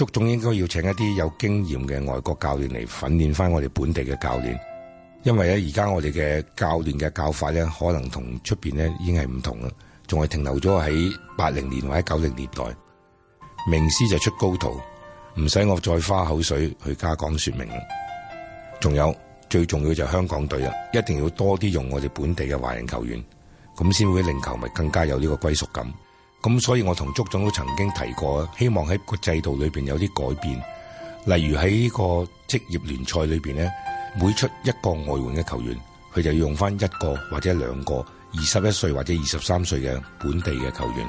足總應該要請一啲有經驗嘅外國教練嚟訓練翻我哋本地嘅教練，因為咧而家我哋嘅教練嘅教法咧，可能同出邊咧已經係唔同啦，仲係停留咗喺八零年或者九零年代。名師就出高徒，唔使我再花口水去加講說明啦。仲有最重要就係香港隊啦，一定要多啲用我哋本地嘅華人球員，咁先會令球迷更加有呢個歸屬感。咁所以我同足總都曾經提過，希望喺個制度裏面有啲改變，例如喺呢個職業聯賽裏面，每出一個外援嘅球員，佢就要用翻一個或者兩個二十一歲或者二十三歲嘅本地嘅球員。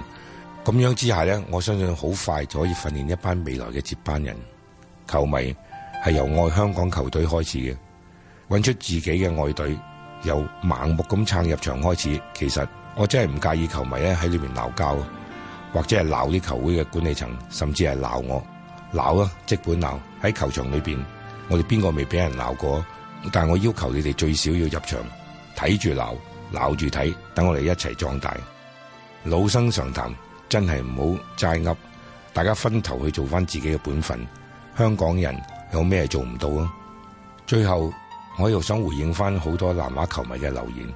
咁樣之下呢，我相信好快就可以訓練一班未來嘅接班人。球迷係由愛香港球隊開始嘅，搵出自己嘅外隊，由盲目咁撐入場開始。其實我真係唔介意球迷咧喺裏面鬧交。或者係鬧啲球會嘅管理層，甚至係鬧我，鬧啊，即管鬧喺球場裏邊，我哋邊個未俾人鬧過？但係我要求你哋最少要入場睇住鬧，鬧住睇，等我哋一齊壯大。老生常談，真係唔好齋噏，大家分頭去做翻自己嘅本分。香港人有咩做唔到啊？最後我又想回應翻好多南華球迷嘅留言，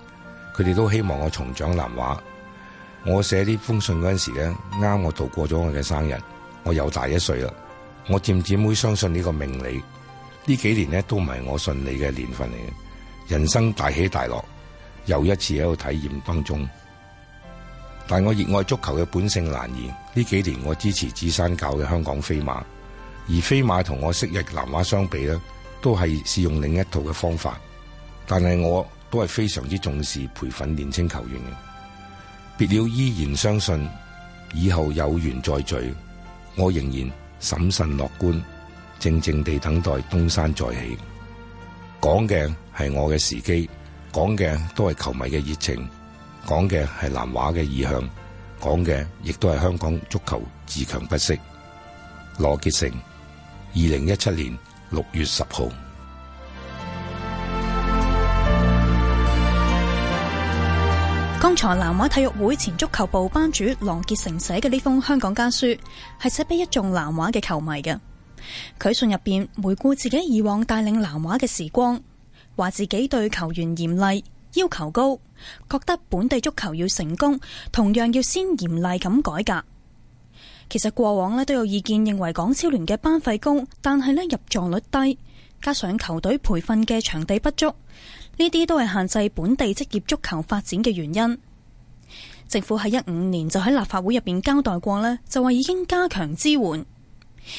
佢哋都希望我重掌南華。我寫呢封信嗰陣時咧，啱我度過咗我嘅生日，我又大一歲啦。我漸漸會相信呢個命理，呢幾年咧都唔係我順利嘅年份嚟嘅。人生大起大落，又一次喺度體驗當中。但我熱愛足球嘅本性難移，呢幾年我支持紫山教嘅香港飛馬，而飛馬同我昔日南華相比咧，都係試用另一套嘅方法。但係我都係非常之重視培訓年輕球員嘅。別了，依然相信以後有緣再聚。我仍然審慎樂觀，靜靜地等待東山再起。講嘅係我嘅時機，講嘅都係球迷嘅熱情，講嘅係南華嘅意向，講嘅亦都係香港足球自強不息。羅傑成，二零一七年六月十號。剛才南華體育會前足球部班主羅傑承寫嘅呢封香港家書，係寫俾一眾南華嘅球迷嘅。佢信入邊回顧自己以往帶領南華嘅時光，話自己對球員嚴厲，要求高，覺得本地足球要成功，同樣要先嚴厲咁改革。其實過往都有意見認為港超聯嘅班費高，但係入場率低，加上球隊培訓嘅場地不足。呢啲都係限制本地職業足球發展嘅原因。政府喺一五年就喺立法會入邊交代過呢，就話已經加強支援，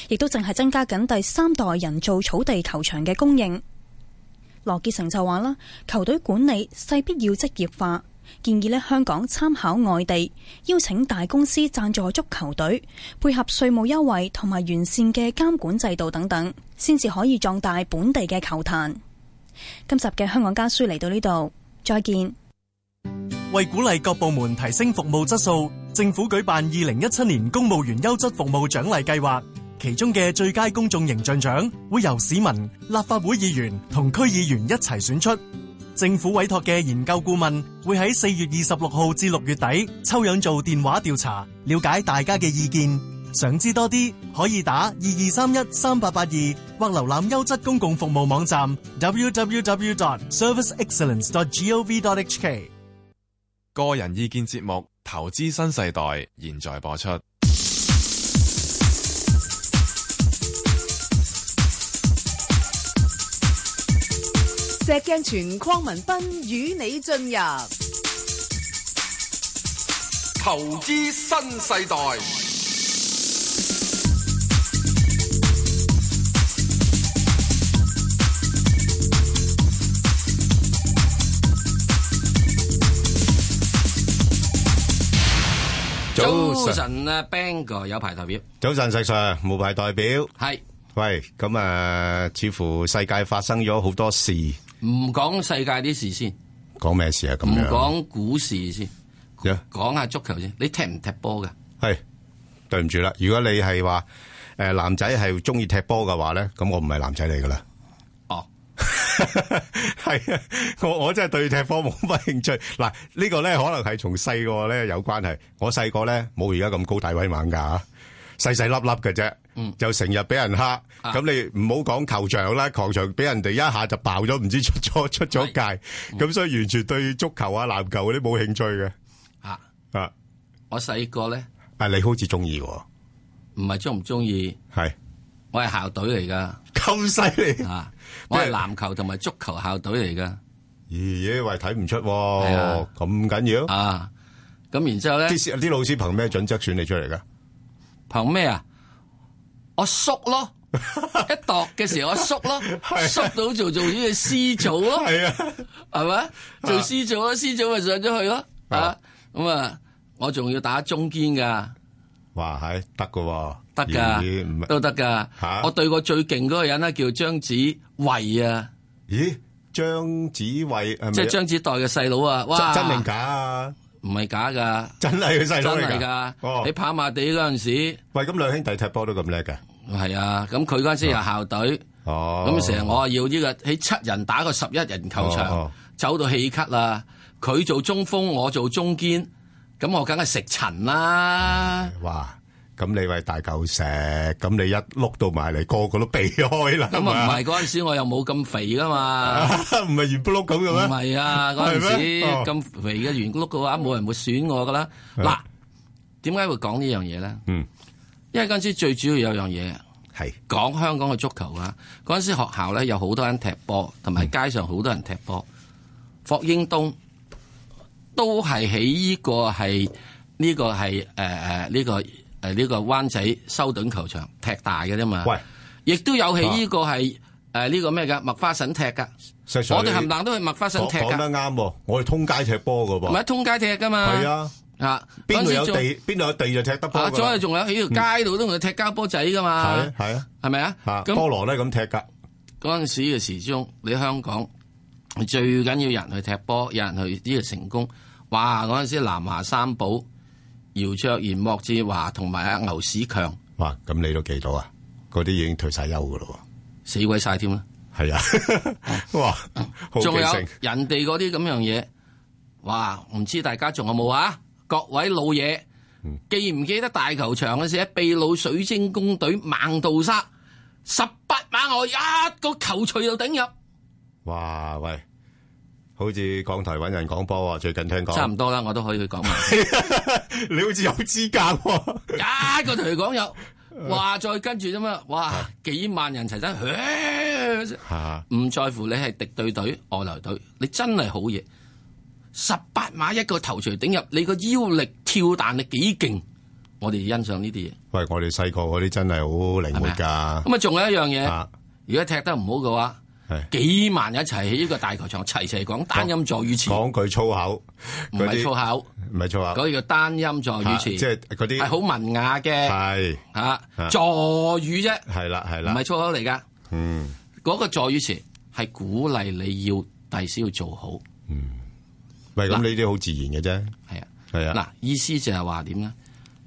亦都淨係增加緊第三代人造草地球場嘅供應。羅傑成就話啦，球隊管理勢必要職業化，建議呢，香港參考外地，邀請大公司贊助足球隊，配合稅務優惠同埋完善嘅監管制度等等，先至可以壯大本地嘅球壇。今集嘅香港家書嚟到呢度，再見。為鼓勵各部門提升服務質素，政府舉辦二零一七年公務員優質服務獎勵計劃，其中嘅最佳公眾形象獎會由市民、立法會議員同區議員一齊選出。政府委託嘅研究顧問會喺四月二十六號至六月底抽樣做電話調查，了解大家嘅意見。想知多啲，可以打二二三一三八八二，或瀏覽優質公共服務網站 www.dot.serviceexcellence.dot.gov.dot.hk。Www. Service gov. 個人意見節目《投資新世代》現在播出。石鏡泉、鄺民彬與你進入《投資新世代》。早晨啊，彬哥有排代表。早晨，石 Sir 冇排代表。係，喂，咁啊，似乎世界發生咗好多事。唔講世界啲事先，講咩事啊？咁樣唔講股市先，講下足球先。你踢唔踢波噶？係，對唔住啦，如果你係話誒男仔係中意踢波嘅話咧，咁我唔係男仔嚟噶啦。係、 啊，我我真係對踢波冇乜興趣。嗱，這個、呢個咧可能係從細個咧有關係。我細個咧冇而家咁高大威猛噶，細、啊、細粒粒嘅啫。嗯，又成日俾人蝦。咁、啊、你唔好講球場啦，球場俾人哋一下就爆咗，唔知出咗出咗界。咁、嗯、所以完全對足球啊、籃球嗰啲冇興趣嘅。啊啊，我細個咧，啊你好似中意，唔係中唔中意？係。我係校隊嚟噶，咁犀利啊！我係籃球同埋足球校隊嚟噶。咦？喂，睇唔出係啊？咁緊要啊？咁然之後咧？啲老師憑咩準則選你出嚟噶？憑咩啊？我縮咯，一度嘅時候我縮咯，縮到做做呢個 C 組咯，係啊，係咪？做 C 組咯，C 組咪上咗去咯啊！咁啊，我仲要打中堅噶。哇！係得噶。得噶，都得噶。我對過最勁嗰個人咧叫張子慧啊。咦，張子慧即係張子岱嘅細佬啊？哇，真定假啊？唔係假噶，真係佢細佬嚟噶。哦，你跑馬地嗰陣時，喂，咁兩兄弟踢波都咁叻㗎。係啊，咁佢嗰陣時有校隊，咁成日我啊要呢個喺七人打個十一人球場，走到氣咳啦。佢做中鋒，我做中堅，咁我梗係食塵啦。哇！咁你喂大嚿石，咁你一碌到埋嚟，個個都避開啦。咁啊，唔係嗰陣時我又冇咁肥噶嘛，唔係圓咕碌咁樣。唔係啊，嗰陣時咁肥嘅圓咕碌嘅話，冇人會選我噶啦。嗱，點解會講呢樣嘢咧？嗯，因為嗰陣時最主要有樣嘢，係講香港嘅足球啊。嗰陣時學校咧有好多人踢波，同埋街上好多人踢波。霍英東都係喺呢個係呢個係誒誒呢個。係呢個灣仔修頓球場踢大嘅啫嘛，亦都有起呢個係誒呢個咩噶麥花臣踢噶，我哋冚唪冷都去麥花臣踢噶。講得啱喎，我哋通街踢波嘅噃，唔係通街踢噶嘛。係啊，啊邊度有地邊度有地就踢得波啦。仲有仲有喺條街度都同佢踢膠波仔噶嘛。係啊係啊係咪啊？菠蘿咧咁踢噶。嗰陣時嘅時鐘，你香港最緊要人去踢波，有人去呢個成功哇！嗰陣時南華三寶。姚卓然、莫志華同埋阿牛屎強，哇！咁你都記到啊？嗰啲已經退晒休噶咯，死鬼晒添啦！係啊，哇！仲有人哋嗰啲咁樣嘢，哇！唔知大家仲有冇啊？各位老嘢，記唔記得大球場嘅時？秘魯水晶宮隊孟道沙十八碼外一個球錘就頂入，哇喂！好似港台揾人講波啊，最近聽講差唔多啦，我都可以去講。 你好似有資格，喎，一個隊講有，哇！再跟住啫嘛，哇！啊、幾萬人齊身，唔在乎、啊、你係敵對隊、外流隊，你真係好嘢。十八碼一個頭槌頂入，你個腰力、跳彈力幾勁，我哋欣賞呢啲嘢。喂，我哋細個嗰啲真係好靈活㗎。咁啊，仲有一樣嘢，如果踢得唔好嘅話。係幾萬一齊喺呢個大球場齊齊講單音助語詞，講句粗口，唔係粗口，唔係粗口，嗰個叫單音助語詞，即係嗰啲係好文雅嘅，係吓助語啫，係啦係啦，唔係粗口嚟噶，嗯，嗰個助語詞係鼓勵你要第時要做好，嗯，喂，咁呢啲好自然嘅啫，係啊係啊，嗱，意思就係話點咧？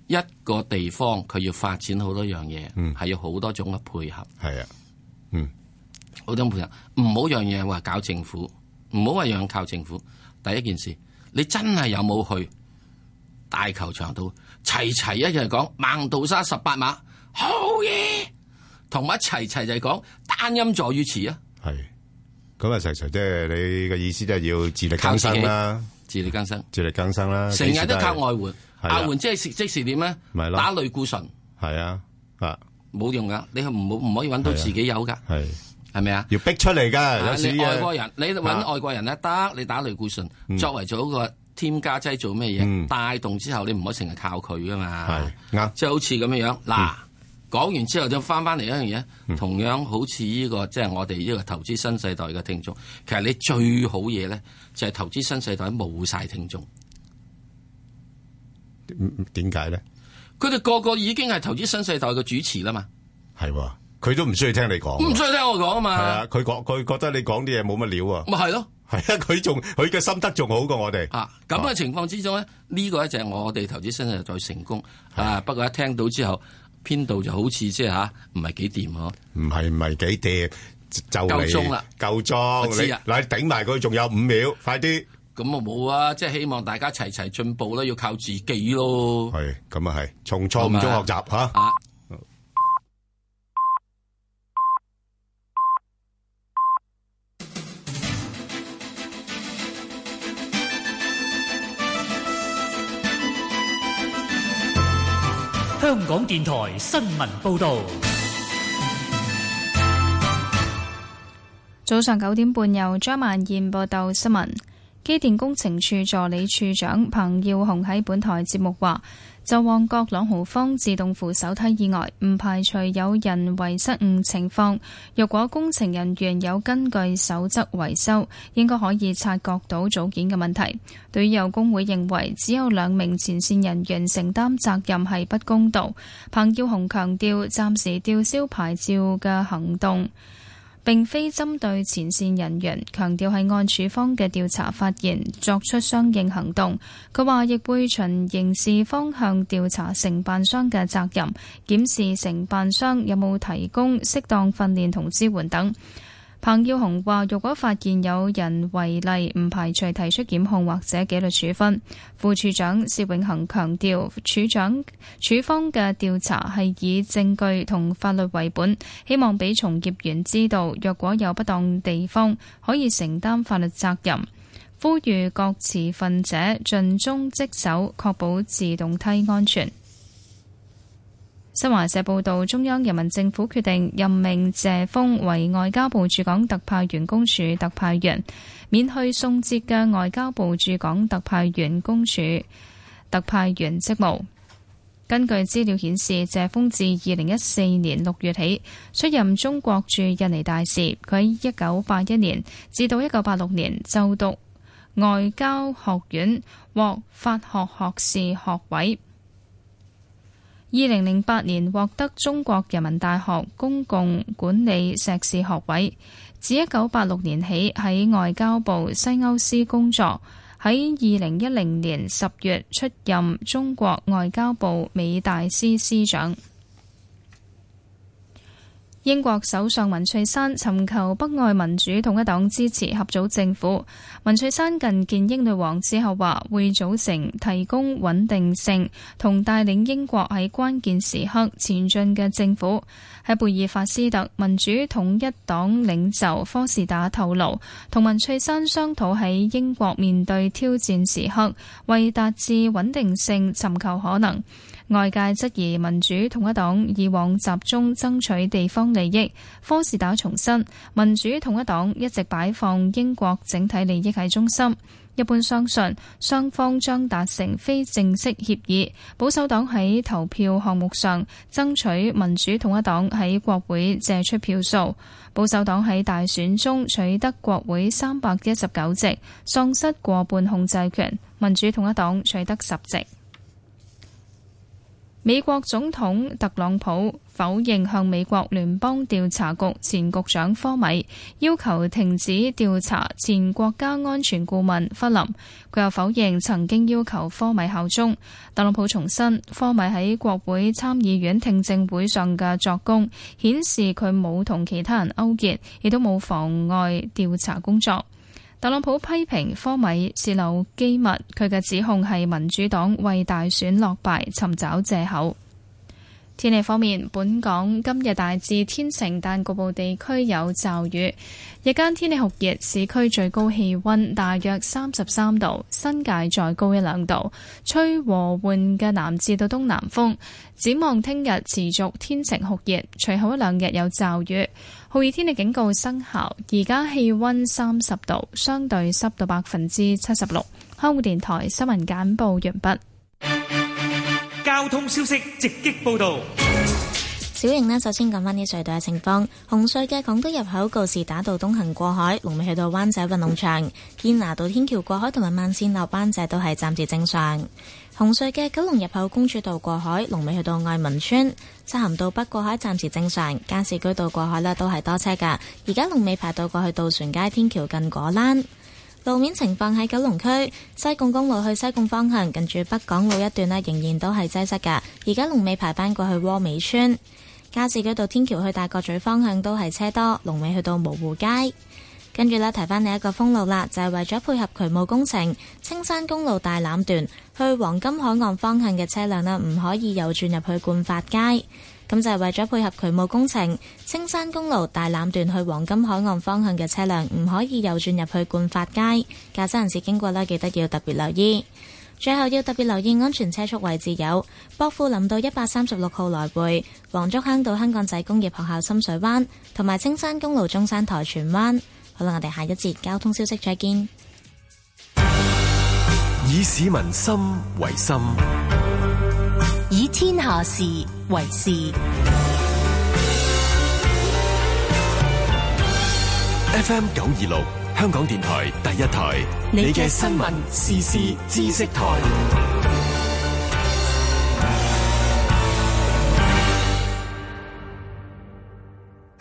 一個地方佢要發展好多樣嘢，係要好多種嘅配合，係啊。普通配合，唔好樣樣話搞政府，唔好話樣靠政府。第一件事，你真係有冇去大球場度齊齊一樣講孟杜莎十八碼好嘢，同埋一齊齊就係講單音助語詞啊！係咁啊！齊齊即係你嘅意思，都係要自力更生啦，自力更生，自力更生啦！成日、啊、都靠外援，外、啊、援即係即時點咧？咪咯，打類固醇係啊啊，冇、啊、用噶，你係唔好唔可以揾到自己有噶。係咪啊？要逼出嚟噶，有時外國人你揾外國人咧得，你打雷固醇作為咗一個添加劑做咩嘢？帶動之後你唔可以成日靠佢噶嘛？啱，即係好似咁樣樣嗱，講完之後就翻翻嚟一樣嘢，同樣好似呢個即係我哋呢個投資新世代嘅聽眾，其實你最好嘢咧就係投資新世代冇晒聽眾，點解咧？佢哋個個已經係投資新世代嘅主持啦嘛，係。佢都唔需要聽你講，唔需要聽我講啊嘛。係啊，佢講佢覺得你講啲嘢冇乜料啊。咪係咯，係啊，佢仲佢嘅心得仲好過我哋啊。咁嘅情況之中咧，呢個就係我哋投資新世代嘅成功啊。不過一聽到之後，編導就好似即係吓，唔係幾掂嗬。唔係唔係幾掂，就夠鐘啦，夠鐘。我知啊，嗱，頂埋佢仲有五秒，快啲。咁啊冇啊，即係希望大家齊齊進步啦，要靠自己咯。係，咁啊係，從錯誤中學習吓。香港電台新聞報道，早上九點半由張曼燕報道新聞。機電工程處助理處長彭耀雄喺本台節目話，就旺角朗豪坊自動扶手梯意外，唔排除有人為失誤情況。若果工程人員有根據守則維修，應該可以察覺到組件嘅問題。對於有工會認為只有兩名前線人員承擔責任係不公道，彭耀雄強調暫時吊銷牌照嘅行動，並非針對前線人員，強調係按處方嘅調查發現作出相應行動。佢話亦會循刑事方向調查承辦商嘅責任，檢視承辦商有冇提供適當訓練同支援等。彭耀雄話，如果發現有人違例，唔排除提出檢控或者紀律處分。副署長薛永恒強調，署長署方嘅調查係以證據同法律為本，希望俾從業員知道，若果有不當地方，可以承擔法律責任。呼籲各持份者盡忠職守，確保自動梯安全。新華社報道，中央人民政府決定任命謝鋒為外交部駐港特派員公署特派員，免去宋哲嘅外交部駐港特派員公署特派員職務。根據資料顯示，謝鋒自2014年6月起出任中國駐印尼大使。佢喺1981年至到1986年就讀外交學院，獲法學學士學位。二零零八年獲得中國人民大學公共管理碩士學位，自一九八六年起喺外交部西歐司工作，喺二零一零年十月出任中國外交部美大司司長。英國首相文翠珊尋求北愛民主統一黨支持合組政府。文翠珊近見英女王之後話，會組成提供穩定性同帶領英國喺關鍵時刻前進嘅政府。喺貝爾法斯特民主統一黨領袖科士打透露，同文翠珊商討喺英國面對挑戰時刻，為達至穩定性尋求可能。外界質疑民主統一黨以往集中爭取地方利益。科士打重申，民主統一黨一直擺放英國整體利益喺中心。一般相信，雙方將達成非正式協議，保守黨喺投票項目上爭取民主統一黨喺國會借出票數，保守黨喺大選中取得國會三百一十九席，喪失過半控制權，民主統一黨取得十席。美國總統特朗普否認向美國聯邦調查局前局長科米要求停止調查前國家安全顧問弗林。佢又否認曾經要求科米效忠。特朗普重申，科米喺國會參議院聽證會上嘅作供顯示，佢冇同其他人勾結，亦都冇妨礙調查工作。特朗普批評科米泄漏機密，佢嘅指控係民主黨為大選落敗尋找藉口。天氣方面，本港今日大致天晴，但局部地區有驟雨。日間天氣酷熱，市區最高氣温大約三十三度，新界再高一兩度，吹和緩嘅南至到東南風。展望聽日持續天晴酷熱，隨後一兩日有驟雨。酷熱天氣警告生效，而家氣温三十度，相對濕度百分之七十六。香港電台新聞簡報完畢。交通消息直擊報道。小瑩呢，首先講翻啲隧道嘅情況。紅隧嘅港島入口告士打道東行過海，龍尾去到灣仔運動場；嗯、堅拿道天橋過海同埋慢線落灣仔都係暫時正常。紅隧嘅九龍入口公主道過海，龍尾去到愛民村。沙咸道北過海暫時正常，加士居道過海咧都係多車噶，而家龍尾排到過去渡船街天橋近果欄。路面情況喺九龍區西貢公路去西貢方向，近住北港路一段咧仍然都係擠塞噶，而家龍尾排翻過去窩美村，加士居道天橋去大角咀方向都係車多，龍尾去到蕪湖街。跟住咧，提翻你一個封路啦，就係、是、為咗配合渠務工程，青山公路大欖段去黃金海岸方向嘅車輛呢，唔可以右轉入去冠發街。咁就係為咗配合渠務工程，青山公路大欖段去黃金海岸方向嘅車輛唔可以右轉入去冠發街。駕駛人士經過呢，記得要特別留意。最後要特別留意安全車速位置有博富林道一百三十六號來回、黃竹坑道香港仔工業學校、深水灣，同埋青山公路中山台荃灣。好啦，我哋下一節交通消息再見。以市民心為心，以天下事為事。FM 九二六，香港電台第一台，你嘅新聞時事知識台。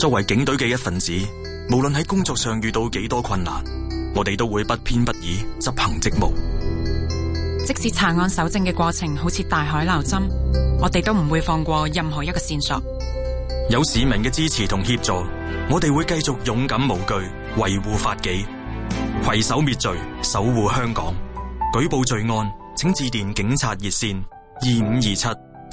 作為警隊嘅一份子，無論喺工作上遇到幾多困難，我哋都會不偏不倚執行職務。即使查案搜證嘅過程好似大海撈針，我哋都唔會放過任何一個線索。有市民嘅支持同協助，我哋會繼續勇敢無懼，維護法紀，攜手滅罪，守護香港。舉報罪案，請致電警察熱線二五二七，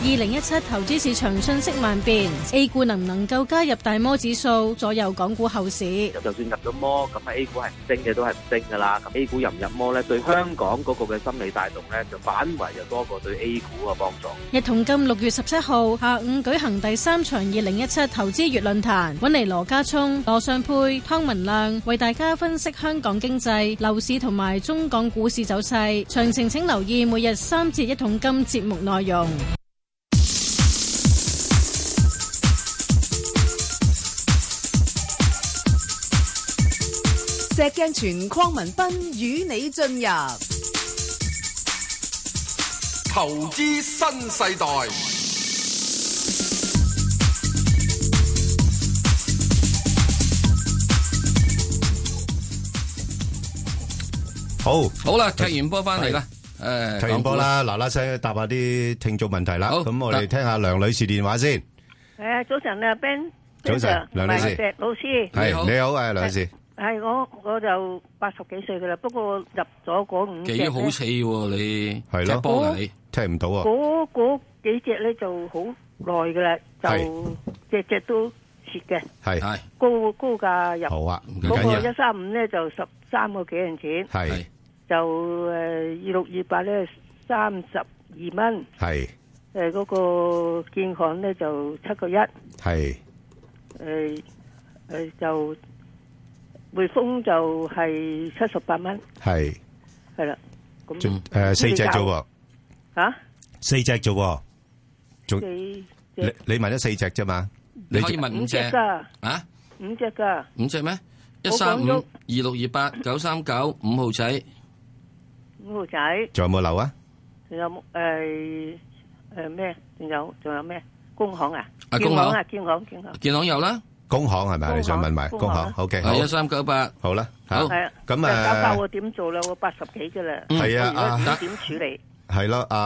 二零一七投資市場瞬息萬變，A 股能唔能夠加入大摩指數，左右港股後市？就算入咗摩，咁喺 A 股係唔升嘅都係唔升噶啦。咁 A 股入唔入摩咧，對香港嗰個嘅心理帶動咧，就反為就多過對 A 股嘅幫助。一桶金六月十七號下午舉行第三場二零一七投資月論壇，揾嚟羅家聰、羅尚佩、湯文亮為大家分析香港經濟、樓市同埋中港股市走勢。詳情請留意每日三節一桶金節目內容。石鏡泉鄺民彬與你進入投資新世代，好，好踢完啦，踢、欸、完波翻嚟啦，誒，踢完波啦，嗱嗱聲答下啲聽眾問題啦，咁我哋聽一下梁女士電話先。係啊，ben, 早晨啊，Ben，早晨，梁女士，老師，係你好，啊梁女士。係我我就八十幾歲噶啦，不過入咗嗰五幾好死你，係咯，只波你聽唔到啊？嗰嗰幾隻咧就好耐噶啦，就隻隻都蝕嘅。係係高高價入。好啊，唔緊要。嗰個一三五咧就十三個幾銀錢。係就誒二六二八咧三十二蚊。係誒嗰個建行咧就七個一。係誒誒就。匯豐就係七十八蚊，係係啦，咁誒四隻啫喎，啊四隻啫喎，仲你你問咗四隻啫嘛，你可以問五隻啊，五隻噶五隻咩？一三五二六二八九三九五號仔五號仔仲有冇留啊？仲有冇誒誒咩？仲有仲有咩？工行啊？啊工行啊？建行建行建行有啦。工行係咪啊？你想問埋工行？O K，一三九八，好啦，好。係啊，咁啊，教我點做啦？我八十幾噶啦，係啊，點處理？係咯，阿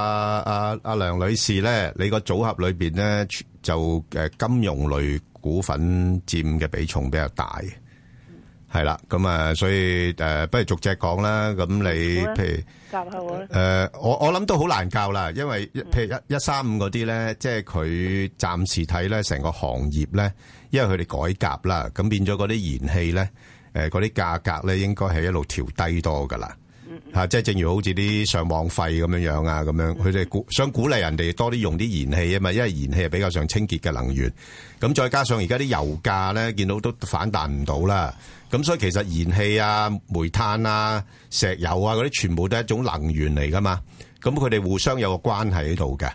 阿阿梁女士咧，你個組合裏邊咧就誒金融類股份佔嘅比重比較大嘅，係啦。咁啊，所以誒，不如逐隻講啦。咁你譬如教下我咧？誒，我我諗都好難教啦，因為譬如一一三五嗰啲咧，即係佢暫時睇咧成個行業咧。因為佢哋改革啦，咁變咗嗰啲燃氣咧，誒嗰啲價格咧應該係一路調低多噶啦，嗯、即係正如好似啲上網費咁樣樣啊，咁樣佢哋想鼓勵人哋多啲用啲燃氣啊嘛，因為燃氣係比較上清潔嘅能源。咁再加上而家啲油價咧，見到都反彈唔到啦。咁所以其實燃氣啊、煤炭啊、石油啊嗰啲全部都係一種能源嚟噶嘛。咁佢哋互相有個關係喺度嘅。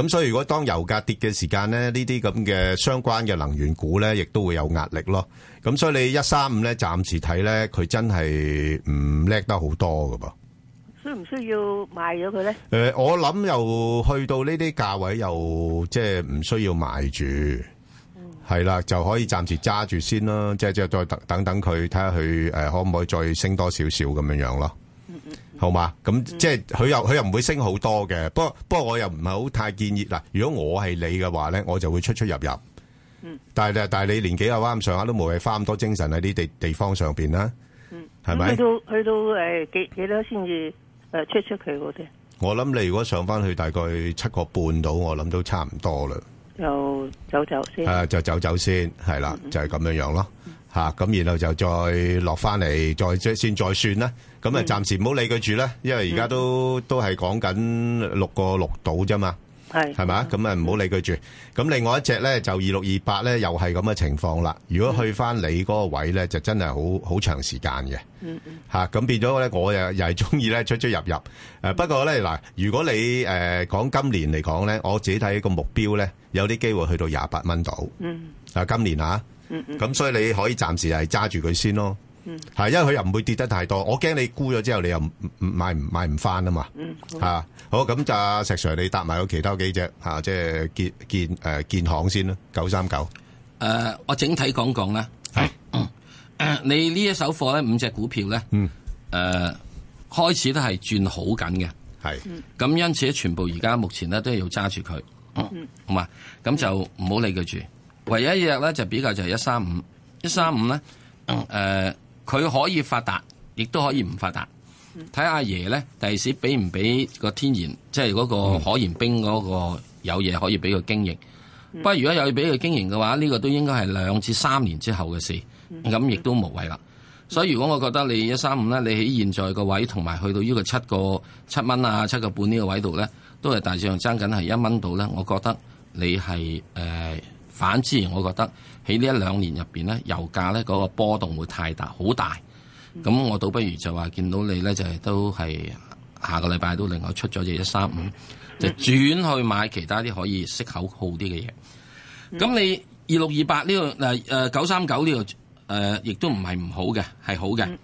咁所以如果當油價跌嘅時間咧，呢啲咁嘅相關嘅能源股咧，亦都會有壓力咯。咁所以你一三五咧，暫時睇咧，佢真係唔叻得好多噶噃。需唔需要賣咗佢咧？誒，我諗又去到呢啲價位，又即係唔需要賣住，係啦，就可以暫時揸住先啦。即係即係再等等等佢，睇下佢誒可唔可以再升多少少咁樣樣咯。好嘛？咁即係佢又佢又唔會升好多嘅。不過不過我又唔係好太建議嗱。如果我係你嘅話咧，我就會出出入入。嗯。但係但係你年紀又啱上下都冇謂花咁多精神喺呢啲地地方上邊啦。嗯。係咪？去到去到誒幾幾多先至誒出出佢嗰啲？我諗你如果上翻去大概七個半到，我諗都差唔多啦。就走走先。啊，就走走先係啦，就係咁樣樣咯。吓咁，然後就再落翻嚟，再即先再算啦。咁啊，暫時唔好理佢住啦，因為而家都都係講緊六個六度啫嘛，係係嘛？咁啊，唔好理佢住。咁另外一隻咧，就二六二八咧，又係咁嘅情況啦。如果去返你嗰個位咧，就真係好好長時間嘅。嗯嗯。嚇，咁變咗咧，我又又係鍾意咧出出入入。誒，不過咧嗱，如果你誒講今年嚟講咧，我自己睇個目標咧，有啲機會去到廿八蚊度。嗯。啊，今年嚇。嗯嗯。咁所以你可以暫時係揸住佢先咯。嗯，係，因為佢又唔會跌得太多，我驚你沽咗之後你又買唔買唔翻啊嘛。嗯，吓、啊，好，咁就阿石 Sir 你答埋個其他幾隻吓、啊，即係建建誒建行先啦，九三九。誒、呃，我整體講講啦。係是、嗯呃，你呢一手貨咧五隻股票咧，嗯，誒、呃，開始都係轉好緊嘅，係是，咁、嗯、因此咧全部而家目前咧都係要揸住佢，好嘛、嗯，咁、嗯、就唔好理佢住，唯一一日咧就比較就係一三五，一三五咧，誒、嗯。呃佢可以發達，亦都可以唔發達。睇阿爺咧，第時俾唔俾個天然，即係嗰個可燃冰嗰個有嘢可以俾佢經營。不過如果有嘢俾佢經營嘅話，呢個都應該係兩至三年之後嘅事，咁亦都無謂啦。所以如果我覺得你一三五咧，你喺現在個位同埋去到呢個七個七蚊啊，七個半呢個位度咧，都係大致上爭緊係一蚊度咧，我覺得你係誒、呃、反之，我覺得。喺呢一兩年入邊咧，油價咧嗰個波動會太大，好大。咁我倒不如就話見到你咧，就係、是、都係下個禮拜都另外出咗隻一三五，嗯、就轉去買其他啲可以息口好啲嘅嘢。咁、嗯、你二六二八呢個嗱誒九三九呢個誒，亦、呃、都唔係唔好嘅，係好嘅。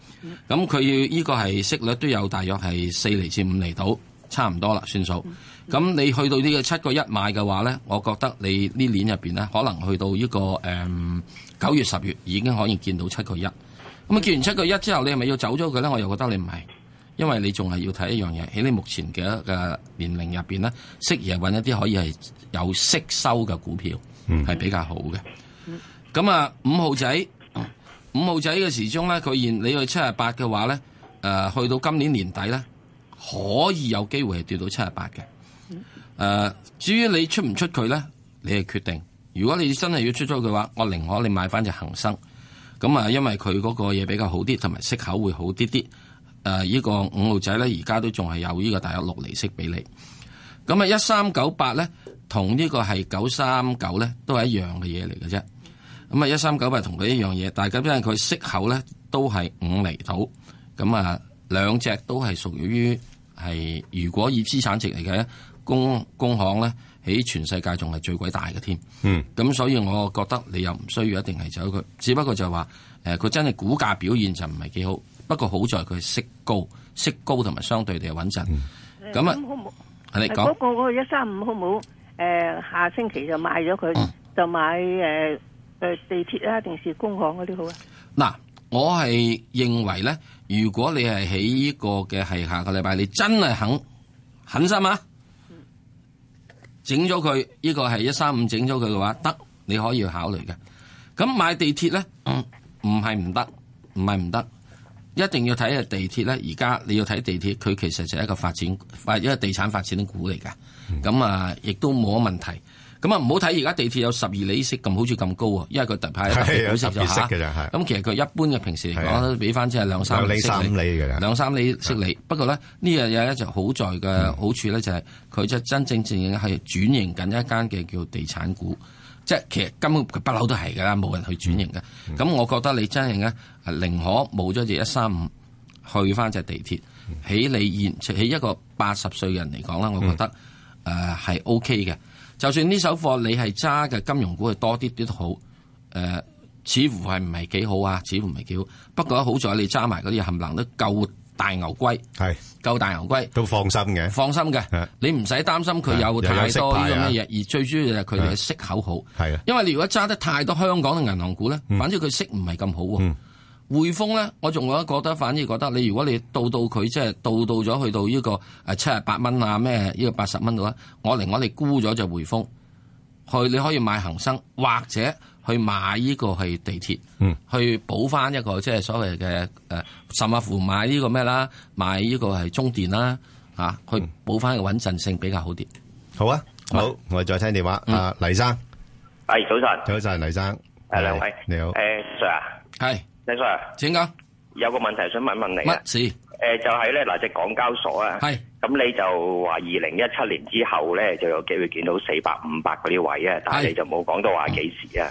咁佢要呢個係息率都有，大約係四厘至五厘到，差唔多啦，算數。嗯咁你去到個 7. 呢個七個一買嘅話咧，我覺得你年呢年入面咧，可能去到呢、這個誒九、嗯、月十月已經可以見到七個一。咁啊，見完七個一之後，你係咪要走咗佢咧？我又覺得你唔係，因為你仲係要睇一樣嘢。喺你目前嘅嘅年齡入面咧，適宜係揾一啲可以係有息收嘅股票，係、嗯、比較好嘅。咁啊，五號仔，五號仔嘅時鐘咧，佢現你去七廿八嘅話咧，誒、呃、去到今年年底咧，可以有機會係跌到七廿八嘅。誒，uh, 至於你出唔出佢咧，你係決定。如果你真係要出租嘅話，我寧可你買翻隻恒生咁啊，因為佢嗰個嘢比較好啲，同埋息口會好啲啲。誒、啊，呢、呢個五號仔咧，而家都仲係有呢個大約六厘息俾你。咁啊，一三九八咧，同呢個係九三九咧，都係一樣嘅嘢嚟嘅啫。咁啊，一三九八同佢一樣嘢，但係因為佢息口咧都係五厘度，咁啊，兩隻都係屬於係如果以資產值嚟嘅。工工行呢，喺全世界仲係最鬼大嘅添，咁、嗯、所以我覺得你又唔需要一定係走佢，只不過就係話誒，佢、呃、真係股價表現就唔係幾好。不過好在佢息高，息高同埋相對地穩陣咁啊。係你講嗰說個一三五好唔好，呃？下星期就賣咗佢，嗯、就買誒、呃、地鐵啦，定是工行嗰啲好啊？嗱，我係認為呢，如果你係喺呢個嘅係下個禮拜，你真係肯肯狠心啊！整咗佢呢個係一三五整咗佢嘅話得，你可以去考慮嘅。咁買地鐵咧，唔係唔得，唔係唔得，一定要睇下地鐵咧，而家你要睇地鐵，佢其實就係一個發展，一個地產發展股嚟嘅。咁、嗯、啊，亦都冇乜問題。咁啊，唔好睇而家地鐵有十二厘息咁，好似咁高啊！因為佢特派 有特息就係，咁、嗯、其實佢一般嘅平時嚟講，俾翻只係兩三釐、兩里三里兩三釐息釐。的不過咧，呢樣嘢就好在嘅好處咧，就係佢就真正正係轉型緊一間嘅叫地產股。即係其實根本佢不嬲都係噶啦，冇人去轉型嘅。咁、嗯嗯嗯、我覺得你真係咧，寧可冇咗隻一三五，去翻隻地鐵。喺、嗯、你現喺一個八十歲嘅人嚟講啦，我覺得誒係 O K 嘅。嗯呃就算呢手貨你係揸嘅金融股係多啲啲都好，誒、呃，似乎係唔係幾好啊？似乎唔係幾好。不過好在你揸埋嗰啲，冚唪唥都夠大牛龜，係夠是大牛龜都放心嘅。放心嘅，是你唔使擔心佢有太多呢啲咁嘅嘢。而最主要就係佢哋嘅息口好。係啊的，因為你如果揸得太多香港嘅銀行股咧，嗯、反正佢息唔係咁好、嗯匯豐咧，我仲覺得覺得，反而覺得你如果你到到佢即係到到咗去到呢個誒七十八蚊啊咩呢、呢個八十蚊嘅話，我嚟我嚟沽咗就匯豐去，你可以買恒生或者去買呢個係地鐵、嗯、去補翻一個即係所謂嘅誒甚或乎買呢個咩啦，買呢個係中電啦、啊、去補翻個穩陣性比較好啲。好啊，好,嗎好我哋再聽電話，阿、嗯啊、黎生，誒早晨上，早晨黎生，誒兩位你好、uh,，Sir 李 Sir，請講。有個問題想問問你。乜事？誒、呃，就係咧，嗱隻港交所啊。係是。咁你就話二零一七年之後咧就有機會見到四百五百嗰啲位啊，但係你就冇講、嗯呃、到話幾時啊？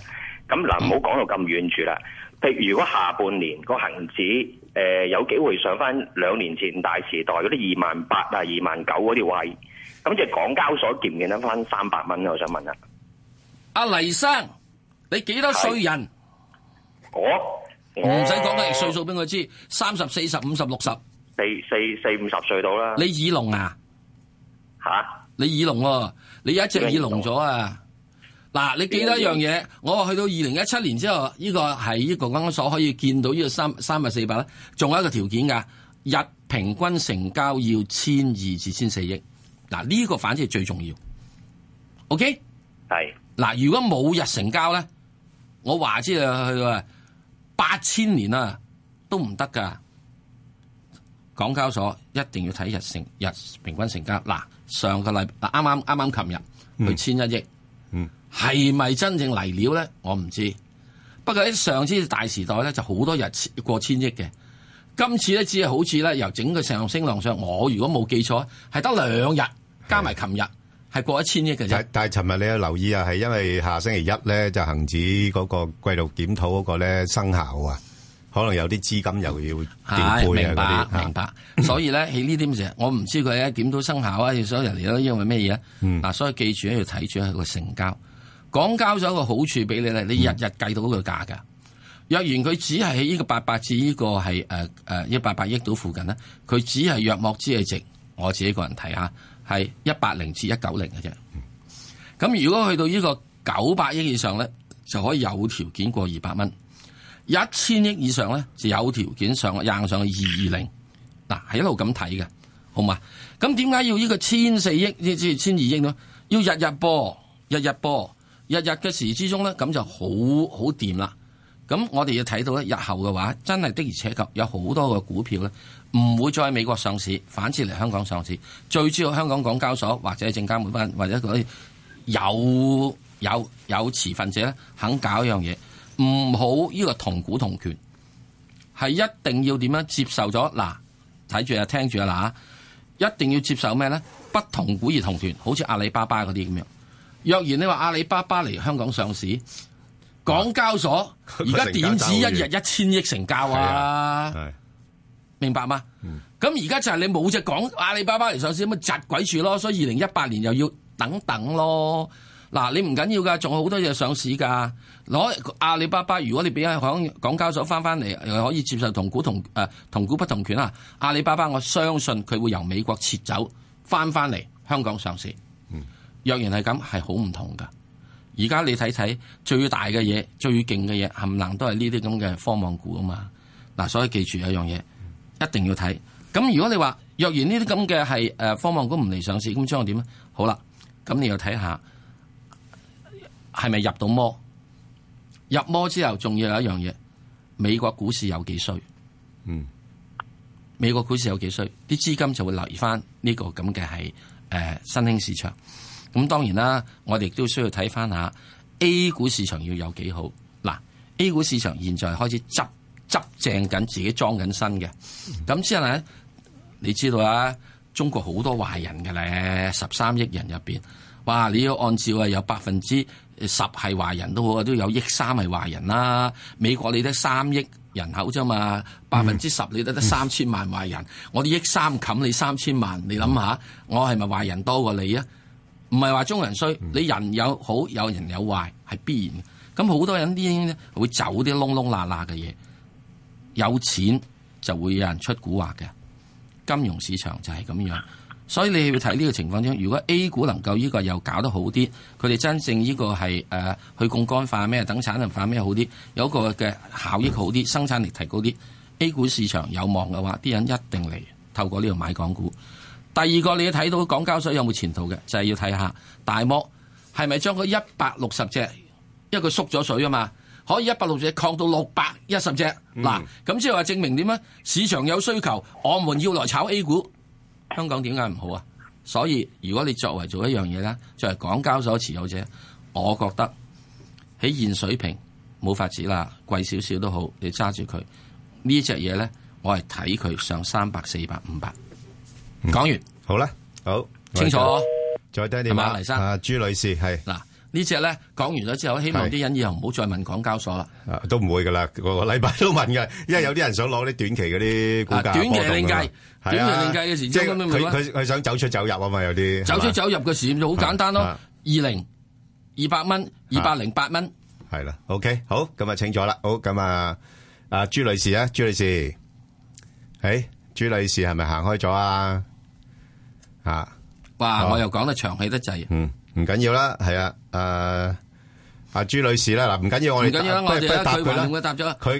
咁嗱，唔好講到咁遠住啦。譬如如果下半年個恒指誒、呃、有機會上翻兩年前大時代嗰啲二萬八啊、二萬九嗰啲位，咁、那、隻、個、港交所見唔見得翻三百蚊啊？我想問啊，阿黎生，你幾多歲人？我。唔使講得歲數俾佢知，三十四、十五、十六、啊、十哈，四四四五十歲到啦。你耳聾啊？吓？你耳聾喎？你一隻耳聾咗啊？嗱，你記得一樣嘢，我去到二零一七年之後，呢、這個係呢個交易所可以見到呢個三三萬四百啦。仲有一個條件噶，日平均成交要千二至千四億。嗱，呢、這個反正係最重要。O K，係嗱，如果冇日成交咧，我話之啊去啊！八千年啊，都唔得噶。港交所一定要睇日成日平均成交。嗱、啊，上個禮拜，啱啱啱啱琴日去千一億，係咪億、嗯、真正嚟料咧？我唔知。不過喺上次大時代咧，就好多日過千億嘅。今次咧只係好似咧，由整個上升浪上，我如果冇記錯，係得兩日加埋琴日。係過一千億嘅啫，但係尋日你有留意啊？係因為，下星期一咧，就恒指嗰個季度檢討嗰個咧生效啊，可能有啲資金又要調配啊嗰啲。明白，所以咧喺呢啲時，我唔知佢喺檢討生效啊，所有人嚟，都因為咩嘢、嗯、啊？嗱，所以記住咧要睇住一個成交。港交所一個好處俾你咧，你日日計到嗰個價噶。嗯、若然佢只係喺呢個八百至呢個係誒誒一八八億度附近咧，佢只係約莫之嘅值，我自己一個人睇下。係一八零至一九零嘅啫，咁如果去到呢個九百億以上咧，就可以有條件過二百蚊；一千億以上咧，就有條件上硬上去二二零。嗱，喺度咁睇嘅，好嘛？咁點解要個 1, 1, 呢個千四億，即係千二億咯？要日日播，日日播，日日嘅時之中咧，咁就好好掂啦。咁我哋要睇到咧，日後嘅話真係的，的而且確有好多嘅股票咧。.唔會再喺美國上市，反之嚟香港上市。最主要香港港交所或者證監會班或者啲有有有持份者肯搞一樣嘢，唔好呢、呢個同股同權，係一定要點樣接受咗嗱？睇住啊，聽住啊嗱，一定要接受咩咧？不同股而同權，好似阿里巴巴嗰啲咁樣。若然你話阿里巴巴嚟香港上市，港交所而家、啊、點止一日一千億成交啊？啊 明白嗎？咁而家就係你冇只港阿里巴巴嚟上市，咁咪窒鬼住咯，所以二零一八年又要等等咯。嗱，你唔緊要噶，仲有好多嘢上市噶。攞阿里巴巴，如果你俾香港港交所翻翻嚟，又可以接受同股同誒、啊、同股不同權啊。阿里巴巴，我相信佢會由美國撤走，翻翻嚟香港上市。嗯、若然係咁，係好唔同噶。而家你睇睇最大嘅嘢、最勁嘅嘢，冚唪唥都係呢啲咁嘅科網股啊嘛。嗱，所以記住有一樣嘢。一定要睇，咁如果你話若然呢啲咁嘅係誒科網股唔嚟上市，咁將我點咧？好啦，咁你又睇下係咪入到摩？入摩之後，仲要有一樣嘢，美國股市有幾衰？嗯，美國股市有幾衰？啲資金就會留意翻呢個咁嘅係誒新興市場。咁當然啦，我哋都需要睇翻下 A 股市場要有幾好。嗱，A 股市場現在開始執。執正緊自己裝緊身嘅，咁之後咧，你知道啊？中國好多壞人嘅咧，十三億人入邊，哇！你要按照啊，有百分之十係壞人都好啊，都有億三係壞人啦。美國你得三億人口啫嘛，百分之十你得得三千萬壞人，嗯、我哋億三冚你三千萬，嗯、你諗下，我係咪壞人多過你啊？唔係話中國人衰，你人有好，有人有壞係必然。咁好多人啲會走啲窿窿罅罅嘅嘢。有錢就會有人出蠱惑嘅，金融市場就係咁樣，所以你要睇呢個情況中，如果 A 股能夠呢個又搞得好啲，佢哋真正呢個係誒、呃、去槓桿化咩等產能化咩好啲，有一個嘅效益好啲，生產力提高啲、嗯、A 股市場有望嘅話，啲人一定嚟透過呢度買港股。第二個你要睇到港交所有冇前途嘅，就係、是、要睇下大摩係咪將佢一百六十隻，因為佢縮咗水啊嘛。可以一百六隻擴到六百一十隻，嗱，咁即係話證明點啊？市場有需求，我們要來炒 A 股。香港點解唔好啊？所以如果你作為做一樣嘢咧，作為港交所持有者，我覺得喺現水平冇法子啦，貴少少都好，你揸住佢呢隻嘢咧，我係睇佢上三百、四百、嗯、五百。講完好啦，好清楚，啊。再低電話黎生啊，朱女士係嗱。隻呢隻咧講完咗之後，希望啲人以後唔好再問港交所啦、啊，都唔會噶啦，個個禮拜都問㗎，因為有啲人想攞啲短期嗰啲股價短期定計，短期定計嘅時，即係佢佢佢想走出走入啊嘛，有啲走出走入嘅時，就好吧簡單咯、啊，二零二百蚊，二百零八蚊，係啦、啊啊、，OK，好，咁啊，請咗啦，好，咁啊，啊朱女士啊，朱女士，誒、欸，朱女士係咪行開咗啊？啊，哇，我又講得長氣得滯，嗯，唔緊要啦，係啊。誒，阿朱女士啦，嗱，唔緊要，我哋唔緊要，我哋佢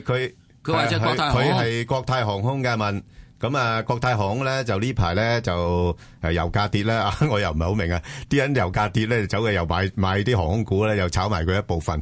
佢話佢係國泰航空嘅問，咁啊，國泰航空咧就呢排咧就誒油價跌啦，我又唔係好明啊，啲人油價跌咧，走嘅又買買啲航空股咧，又炒埋佢一部分，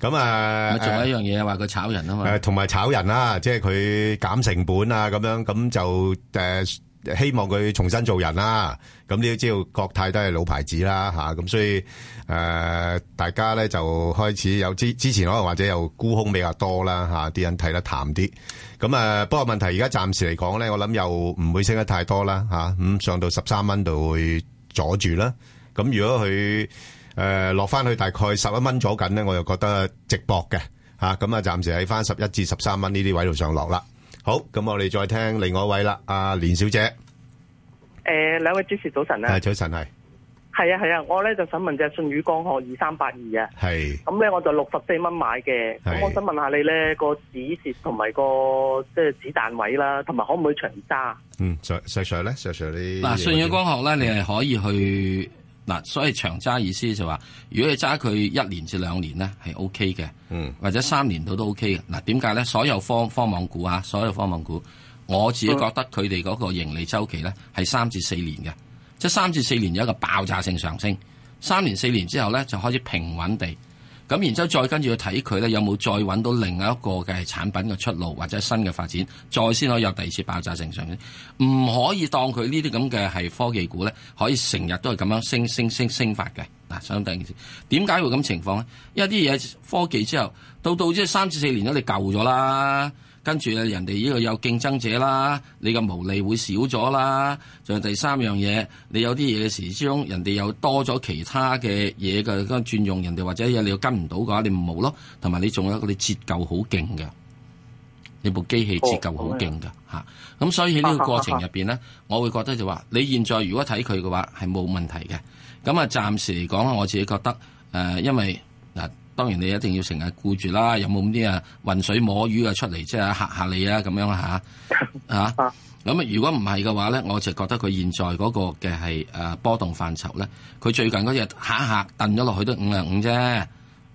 咁啊，仲有一樣嘢，話佢炒人啊嘛，誒，同埋炒人啦，即係佢減成本啊，咁樣，咁就誒。希望佢重新做人啦，咁你都知道國泰都係老牌子啦嚇，咁所以誒、呃，大家咧就開始有之之前可能或者又沽空比較多啦嚇，啲人睇得淡啲，咁誒不過問題而家暫時嚟講咧，我諗又唔會升得太多啦嚇，咁上到十三蚊度會阻住啦，咁如果佢誒、呃、落翻去大概十一蚊左緊咧，我又覺得直搏嘅嚇，咁啊暫時喺翻十一至十三蚊呢啲位度上落啦。好，咁我哋再聽另外一位啦，阿、啊、連小姐。誒、呃，兩位主持早晨啊！係早晨，係係啊係啊，我咧就想問隻舜宇光學二三八二啊，係。咁咧、啊、我就六十四蚊買嘅，咁、啊、我想問下你咧、那個止蝕同埋個即係子彈位啦，同埋可唔可以長揸？嗯，Sir Sir Sir 咧，Sir Sir 你。嗱，舜宇光學咧，你係可以去。嗱，所以長揸意思就話，如果你揸佢一年至兩年咧，係 O K 嘅，或者三年到都 O K 嘅。嗱，點解咧？所有科科網股啊，所有科網股，我自己覺得佢哋嗰個盈利周期咧係三至四年嘅，即係三至四年有一個爆炸性上升，三年四年之後咧就開始平穩地。咁然之後再跟住去睇佢咧，有冇再揾到另一個嘅產品嘅出路，或者新嘅發展，再先可以有第二次爆炸性上昇。唔可以當佢呢啲咁嘅係科技股咧，可以成日都係咁樣升升升升發嘅。嗱，相當第二件事，點解會咁情況咧？因為啲嘢科技之後到到即係三至四年咗，你舊咗啦。跟住咧，人哋呢個有競爭者啦，你嘅毛利會少咗啦。仲有第三樣嘢，你有啲嘢嘅時將人哋又多咗其他嘅嘢嘅轉用，人哋或者嘢你又跟唔到嘅話你唔毛咯。同埋你仲有一個你折舊好勁嘅，你部機器折舊好勁㗎。咁、哦啊、所以喺呢個過程入面咧，啊、我會覺得就話、是、你現在如果睇佢嘅話，係冇問題嘅。咁、嗯、啊，暫時嚟講，我自己覺得誒、呃，因為。當然你一定要成日顧住啦，有冇啲啊混水摸魚啊出嚟，即係嚇嚇你啊咁樣呀。咁啊， 如果唔係嘅話咧，我就覺得佢現在嗰個嘅係波動範疇咧，佢最近嗰日嚇嚇掟咗落去都五零五啫，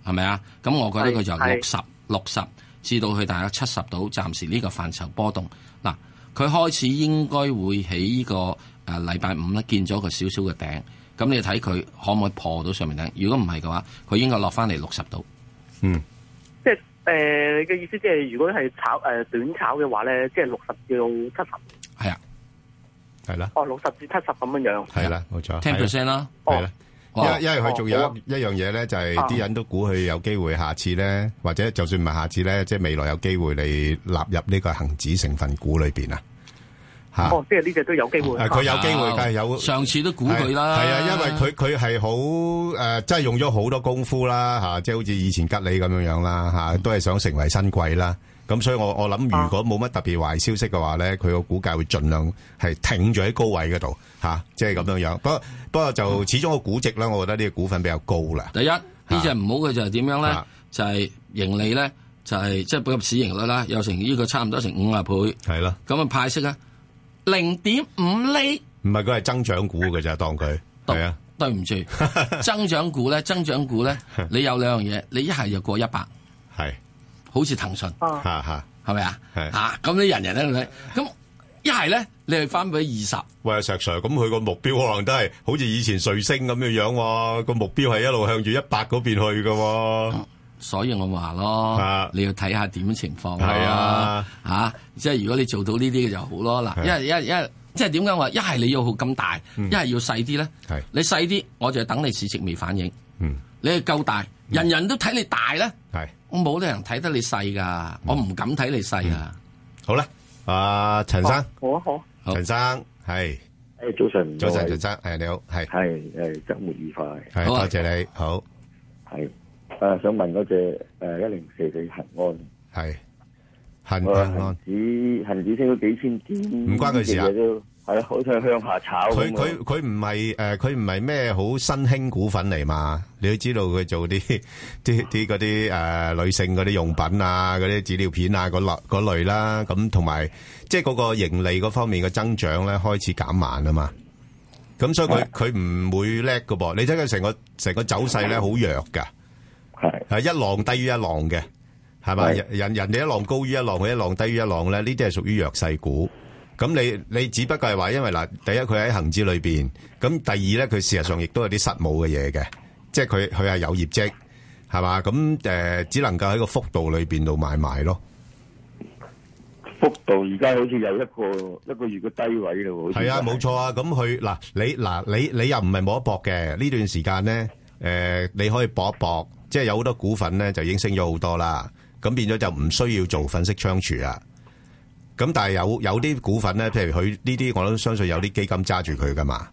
係咪啊？咁我覺得佢就六十六十至到佢大概七十度，暫時呢個範疇波動。嗱、啊，佢開始應該會喺呢、呢個誒禮拜五咧見咗個少少嘅頂。咁你睇佢可唔可以破到上面咧，嗯呃？如果唔係嘅話，佢應該落翻嚟六十度。嗯，即係誒你嘅意思，即係如果係炒誒短炒嘅話咧，即係六十至七十。係啊，係啦。哦，六十至七十咁樣樣。係啦，啊，冇錯，啊。十 percent 啦。啊啊啊啊哦，因為佢仲有一樣嘢咧，哦啊，就係啲人都估佢有機會下次咧，啊，或者就算唔係下次咧，即、就、係、是、未來有機會你納入呢個恒指成分股裏邊啊。啊、哦，即係呢隻都有機會。佢、啊、有機會，但係、啊、有。上次都估佢啦。係啊，因為佢佢係好誒，即係、呃、用咗好多功夫啦吓、啊，即係好似以前吉利咁樣樣啦吓，都係想成為新貴啦。咁所以我我諗，如果冇乜特別壞消息嘅話咧，佢個股價會盡量係挺咗喺高位嗰度吓，即係咁樣樣。不過不過就始終個估值啦，我覺得呢個股份比較高啦。嗯啊、第一、這個、呢隻唔好嘅就係點樣咧？就係盈利咧，就係即係比較市盈率啦，又成呢個差唔多成五啊倍。係啦的。咁啊派息呢？零點五厘，唔係，佢係增長股嘅咋，當佢係對啊？對唔住，增長股咧，增長股咧， 你有兩樣嘢，你一係就過一百是，係好似騰訊，吓吓，係咪啊？係吓，咁你人人喺度咧，咁一係咧，你係翻俾二十，喂阿石 Sir，咁佢個目標可能都係好似以前瑞星咁樣樣、啊，個目標係一路向住一百嗰邊去嘅、啊。嗯所以我話咯，你要睇下點情況係啊吓，即係如果你做到呢啲嘅就好咯。嗱，因為因為因為，即係點解話一係你要好咁大，一係要細啲咧？係你細啲，我就等你市值未反應。嗯，你要夠大，人人都睇你大咧。係我冇啲人睇得你細噶，我唔敢睇你細啊。好啦，啊陳生，好啊好，陳生係誒早晨，早晨，早晨，係你好，係係誒，周末愉快，係多謝你，好係。誒，想問嗰隻誒一零四四恒安係恒恒指恒指升咗幾千點，唔關佢事啊，係啊，好想向下炒。佢佢佢唔係誒，佢唔係咩好新興股份嚟嘛？你都知道佢做啲啲啲嗰啲誒女性嗰啲用品啊，嗰啲紙尿片啊，嗰類嗰類啦。咁同埋即係嗰個盈利嗰方面嘅增長咧，開始減慢啊嘛。咁所以佢佢唔會叻噶噃。你睇佢成個成個走勢咧，好弱噶。係係是一浪低於一浪嘅，係嘛是？人人哋一浪高於一浪，佢一浪低於一浪咧，呢啲係屬於弱勢股。咁你你只不過係話，因為嗱，第一佢喺恒指裏邊，咁第二咧，佢事實上亦都有啲實務嘅嘢嘅，即係佢佢係有業績，係嘛？咁誒、呃，只能夠喺個幅度裏邊度買賣咯。幅度而家好似有一個一個月嘅低位咯，係啊，冇錯啊。咁佢嗱，你嗱，你你，你又唔係冇得搏嘅呢段時間咧？誒、呃，你可以搏一搏。即係有好多股份咧，就已經升咗好多啦，咁變咗就唔需要做粉飾櫥窗啊。咁但係有有啲股份咧，譬如佢呢啲，我都相信有啲基金揸住佢噶嘛。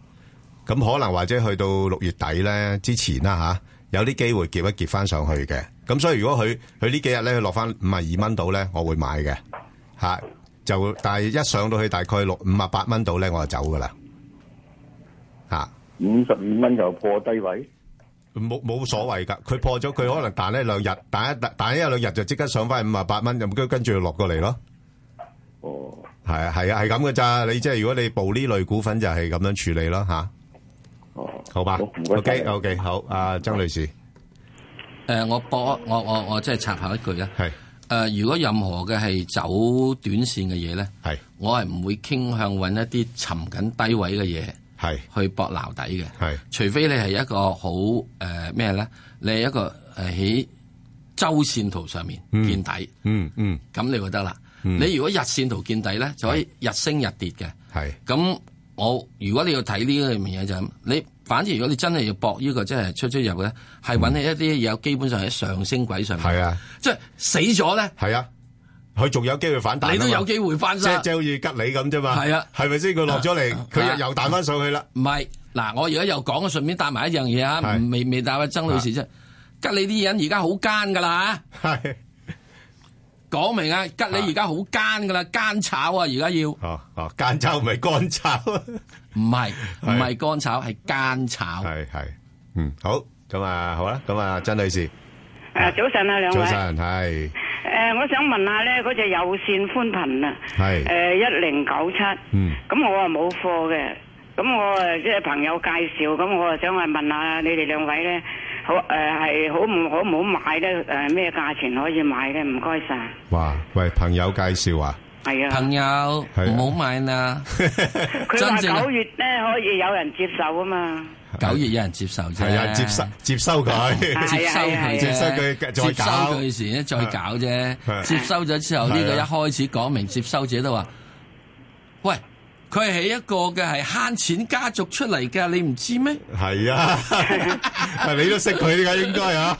咁可能或者去到六月底咧之前啦、啊、吓，有啲機會結一結翻上去嘅。咁所以如果佢佢呢幾日咧，佢落翻五啊二蚊到咧，我會買嘅吓、啊。就但係一上到去大概六五啊八蚊到咧，我就走噶啦吓。五十五蚊就破低位。冇冇所謂噶，佢破咗佢可能彈呢兩日，彈一彈彈一兩日就即刻上翻五啊八蚊，咁跟跟住就落過嚟咯。哦，係啊，係啊，係咁噶咋？你即係如果你博呢類股份就係咁樣處理咯吓。哦，好吧、哦、謝謝，OK OK，好，阿、啊、張女士，誒、呃，我博我我我即係插下一句咧，係誒是、呃，如果任何嘅係走短線嘅嘢咧，係是我係唔會傾向搵一啲沉緊低位嘅嘢。係是去搏撈底嘅，係是除非你係一個好誒咩咧？你係一個誒喺周線圖上面見底，嗯嗯，咁、嗯嗯、你就得啦？嗯、你如果日線圖見底咧，就可以日升日跌嘅，係是。咁我如果你要睇呢樣嘢就咁，你反正如果你真係要搏呢個即係出出入咧，係搵起一啲嘢有基本上喺上升軌上面，係啊，即係死咗咧，係啊。佢仲有機會反彈，你都有機會反彈，即係即係好似吉利咁啫嘛。係啊，係咪先佢落咗嚟，佢又又彈翻上去啦。唔係，嗱，我而家又講啊，順便帶埋一樣嘢啊，未未帶阿曾女士啫。吉利啲人而家好奸噶啦，係講明啊，吉利而家好奸噶啦，奸炒啊，而家要哦哦，奸炒唔係乾炒，唔係唔係乾炒，係奸炒，係係嗯好咁啊好啦，咁啊曾女士，誒早晨啊兩位，早晨係。誒，我想問下咧，嗰隻有線寬頻啊，誒一零九七，咁我啊冇貨嘅，咁我誒即係朋友介紹，咁我啊想去問下你哋兩位咧，好誒係好唔好唔好買咧？誒咩價錢可以買咧？唔該晒。哇！喂，朋友介紹啊？係啊。朋友唔好買啦。佢話九月咧可以有人接受啊嘛。九月有人接受啫，接收接收佢，接收佢，接收佢，再搞佢事咧，再搞啫。接收咗之後，呢個一開始講明接收者都話，喂，佢係起一個嘅係慳錢家族出嚟嘅，你唔知咩？係啊，你都識佢噶，應該啊。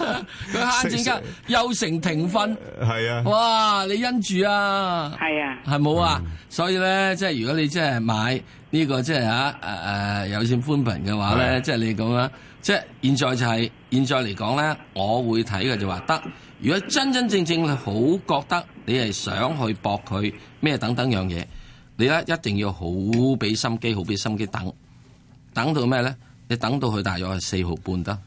佢慳錢家，又成停婚。係啊。哇！你因住啊。係啊。係冇啊，所以咧，即係如果你真係買。個啊呃、呢個即係嚇有線寬頻嘅話咧，即係的你咁樣即係、就是、現在就係、是、現在嚟講咧，我會睇嘅就話得。如果真真正正你好覺得你係想去搏佢咩等等樣嘢，你咧一定要好俾心機，好俾心機等等到咩咧？你等到佢大約係四毫半得。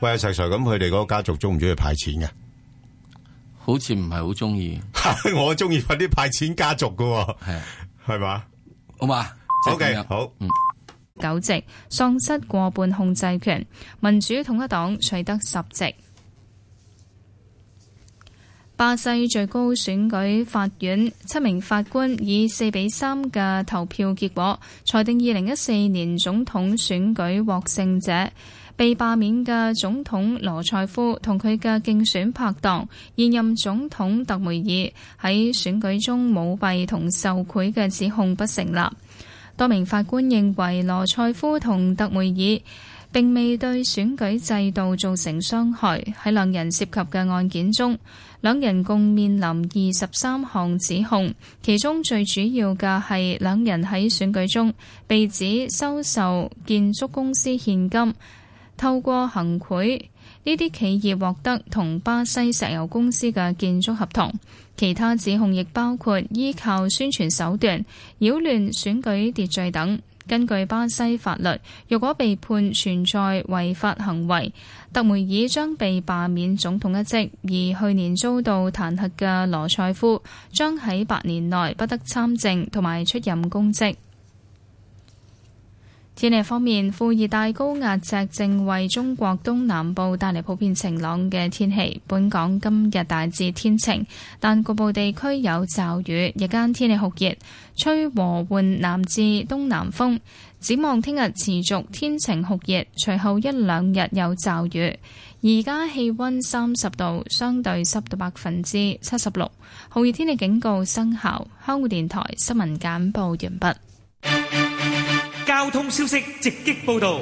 喂，石 Sir，咁佢哋嗰個家族中唔中意派錢㗎、啊？好似唔係好中意。 我中意快啲派錢家族㗎喎、哦，係咪的？嘛？好嘛，好嘅 Okay,，好，嗯，九席喪失過半控制權，民主統一黨取得十席。巴西最高選舉法院七名法官以四比三嘅投票結果，裁定二零一四年總統選舉獲勝者。被罷免嘅總統羅塞夫同佢嘅競選拍檔，現任總統特梅爾喺選舉中舞弊同受賄嘅指控不成立。多名法官認為羅塞夫同特梅爾並未對選舉制度造成傷害。喺兩人涉及嘅案件中，兩人共面臨二十三項指控，其中最主要嘅係兩人喺選舉中被指收受建築公司現金。透過行賄，呢啲企業獲得同巴西石油公司嘅建築合同，其他指控亦包括依靠宣傳手段擾亂選舉秩序等。根據巴西法律，若果被判存在違法行為，特梅爾將被罷免總統一職，而去年遭到彈劾嘅羅塞夫將喺八年內不得參政同埋出任公職。天氣方面，副熱帶高壓脊正為中國東南部帶嚟普遍晴朗嘅天氣。本港今日大致天晴，但局部地區有驟雨。日間天氣酷熱，吹和緩南至東南風。展望聽日持續天晴酷熱，隨後一兩日有驟雨。而家氣溫三十度，相對濕度百分之七十六。酷熱天氣警告生效。香港電台新聞簡報完畢。交通消息直擊報道，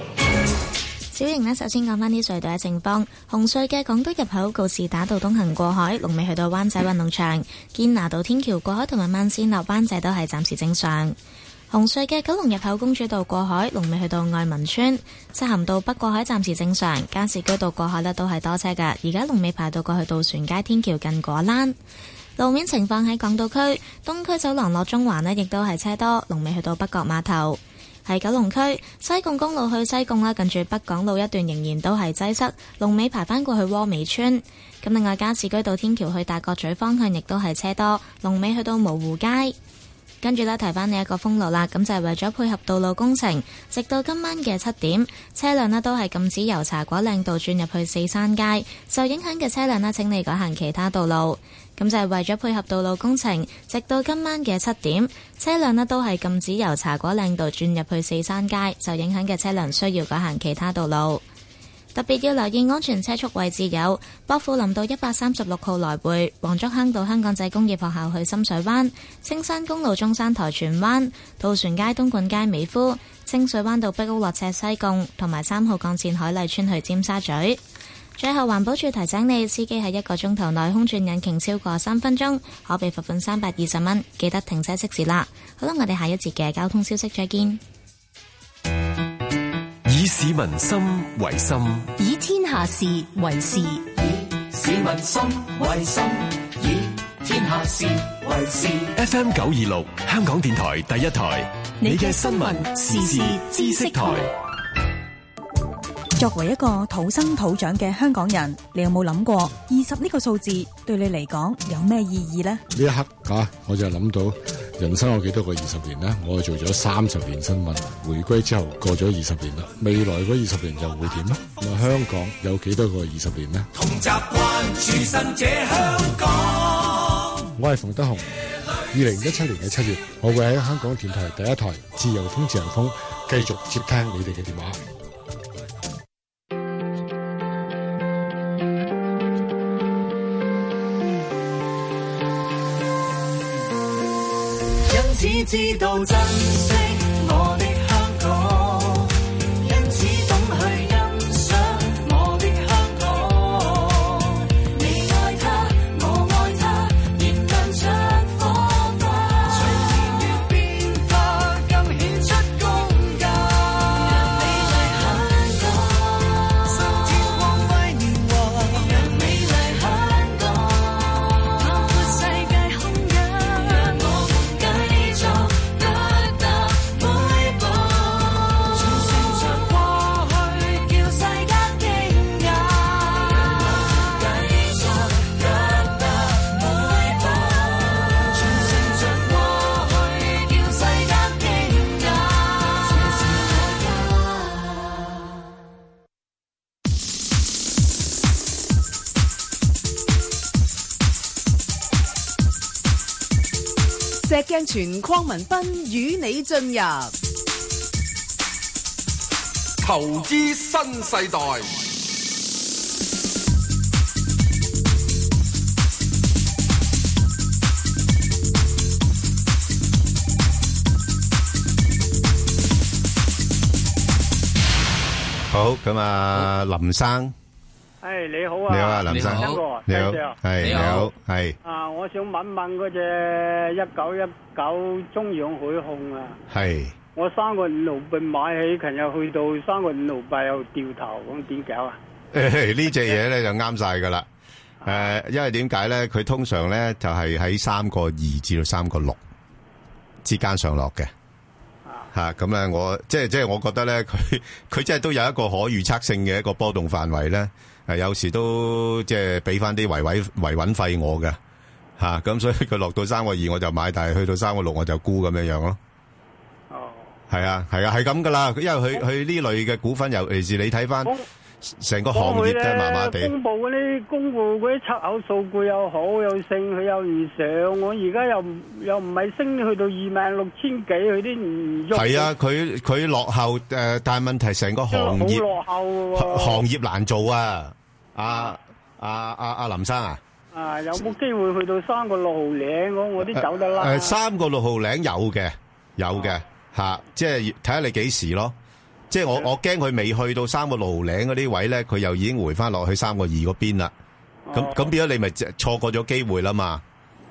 小瑩呢，首先講翻啲隧道嘅情況。紅隧嘅港島入口告士打道東行過海，龍尾去到灣仔運動場；堅拿道天橋過海同埋慢線落灣仔都係暫時正常。紅隧嘅九龍入口公主道過海，龍尾去到愛民村；漆咸道北過海暫時正常，加士居道過海呢都係多車㗎。而家龍尾排到過去渡船街天橋近果欄。路面情況喺港島區東區走廊落中環呢亦都係車多，龍尾去到北角碼頭。係九龍區西貢公路去西貢啦，近住北港路一段仍然都係擠塞，龍尾排返過去窩美村。咁另外，加士居道天橋去大角咀方向亦都係車多，龍尾去到蕪湖街。跟住呢，提翻你一個封路啦，咁就係為咗配合道路工程，直到今晚嘅七點，車輛呢都係禁止由茶果嶺道轉入去四山街。受影響嘅車輛呢，請你改行其他道路。咁就係為咗配合道路工程，直到今晚嘅七點，車輛呢都係禁止由茶果嶺道轉入去四山街，受影響嘅車輛需要改行其他道路。特別要留意安全車速位置有：薄扶林道一百三十六號來回，黃竹坑道香港仔工業學校去深水灣、青山公路中山台荃灣、渡船街東莞街美孚、清水灣道壁屋落赤西貢，同埋三號幹線海麗邨去尖沙咀。最後，環保署提醒你，司機喺一個鐘頭內空轉引擎超過三分鐘，可被罰款三百二十蚊。記得停車熄匙啦！好啦，我哋下一節嘅交通消息再見。以市民心為心，以天下事為事。以市民心為心，以天下事為事。F M 九二六，香港電台第一台，你嘅新聞時事知識台。作為一個土生土長嘅香港人，你有冇諗過二十呢個數字對你嚟講有咩意義呢？呢一刻吓，我就諗到人生有幾多個二十年呢？我做咗三十年新聞，回歸之後過咗二十年啦，未來嗰二十年又會點呢？咁啊，香港有幾多個二十年呢？同習慣身者香港我係馮德雄，二零一七年嘅七月，我會喺香港電台第一台自由風自由風繼續接聽你哋嘅電話。只知道珍惜。石鏡泉鄺民彬與你進入投資新世代。好，咁啊，好林生。係你好啊，你好啊，林生，你好，你好，係你好，係啊！我想問問嗰隻一九一九中遠海控啊，係我三個五六八買起，近日去到三個五六八又掉頭，咁點搞啊？呢隻嘢咧就啱晒噶啦，誒，因為點解咧？佢通常咧就係喺三個二至到三個六之間上落嘅，吓咁咧，我即係即係我覺得咧，佢佢即係都有一個可預測性嘅一個波動範圍咧。係有時都即係俾翻啲維維維穩費我嘅吓，咁所以佢落到三個二我就買，但係去到三個六我就沽咁樣樣咯。哦，係啊，係啊，係咁噶啦，因為佢佢呢類嘅股份，尤其是你睇翻成個行業都係麻麻地。公布嗰啲公布嗰啲出口數據又好，又升，佢又唔上。我而家又又唔係升去到二萬六千幾，佢啲唔喐。係啊，佢佢落後誒，但係問題成個行業好落後，行業難做啊。啊啊啊啊！林生啊，啊有冇機會去到三個六號嶺？我我啲走得啦。誒、啊，三個六號嶺有嘅，有嘅吓、啊啊，即係睇下你幾時咯。即係我是的我驚佢未去到三個六號嶺嗰啲位咧，佢又已經回翻落去三個二嗰邊啦。咁咁、啊、變咗你咪錯過咗機會啦嘛。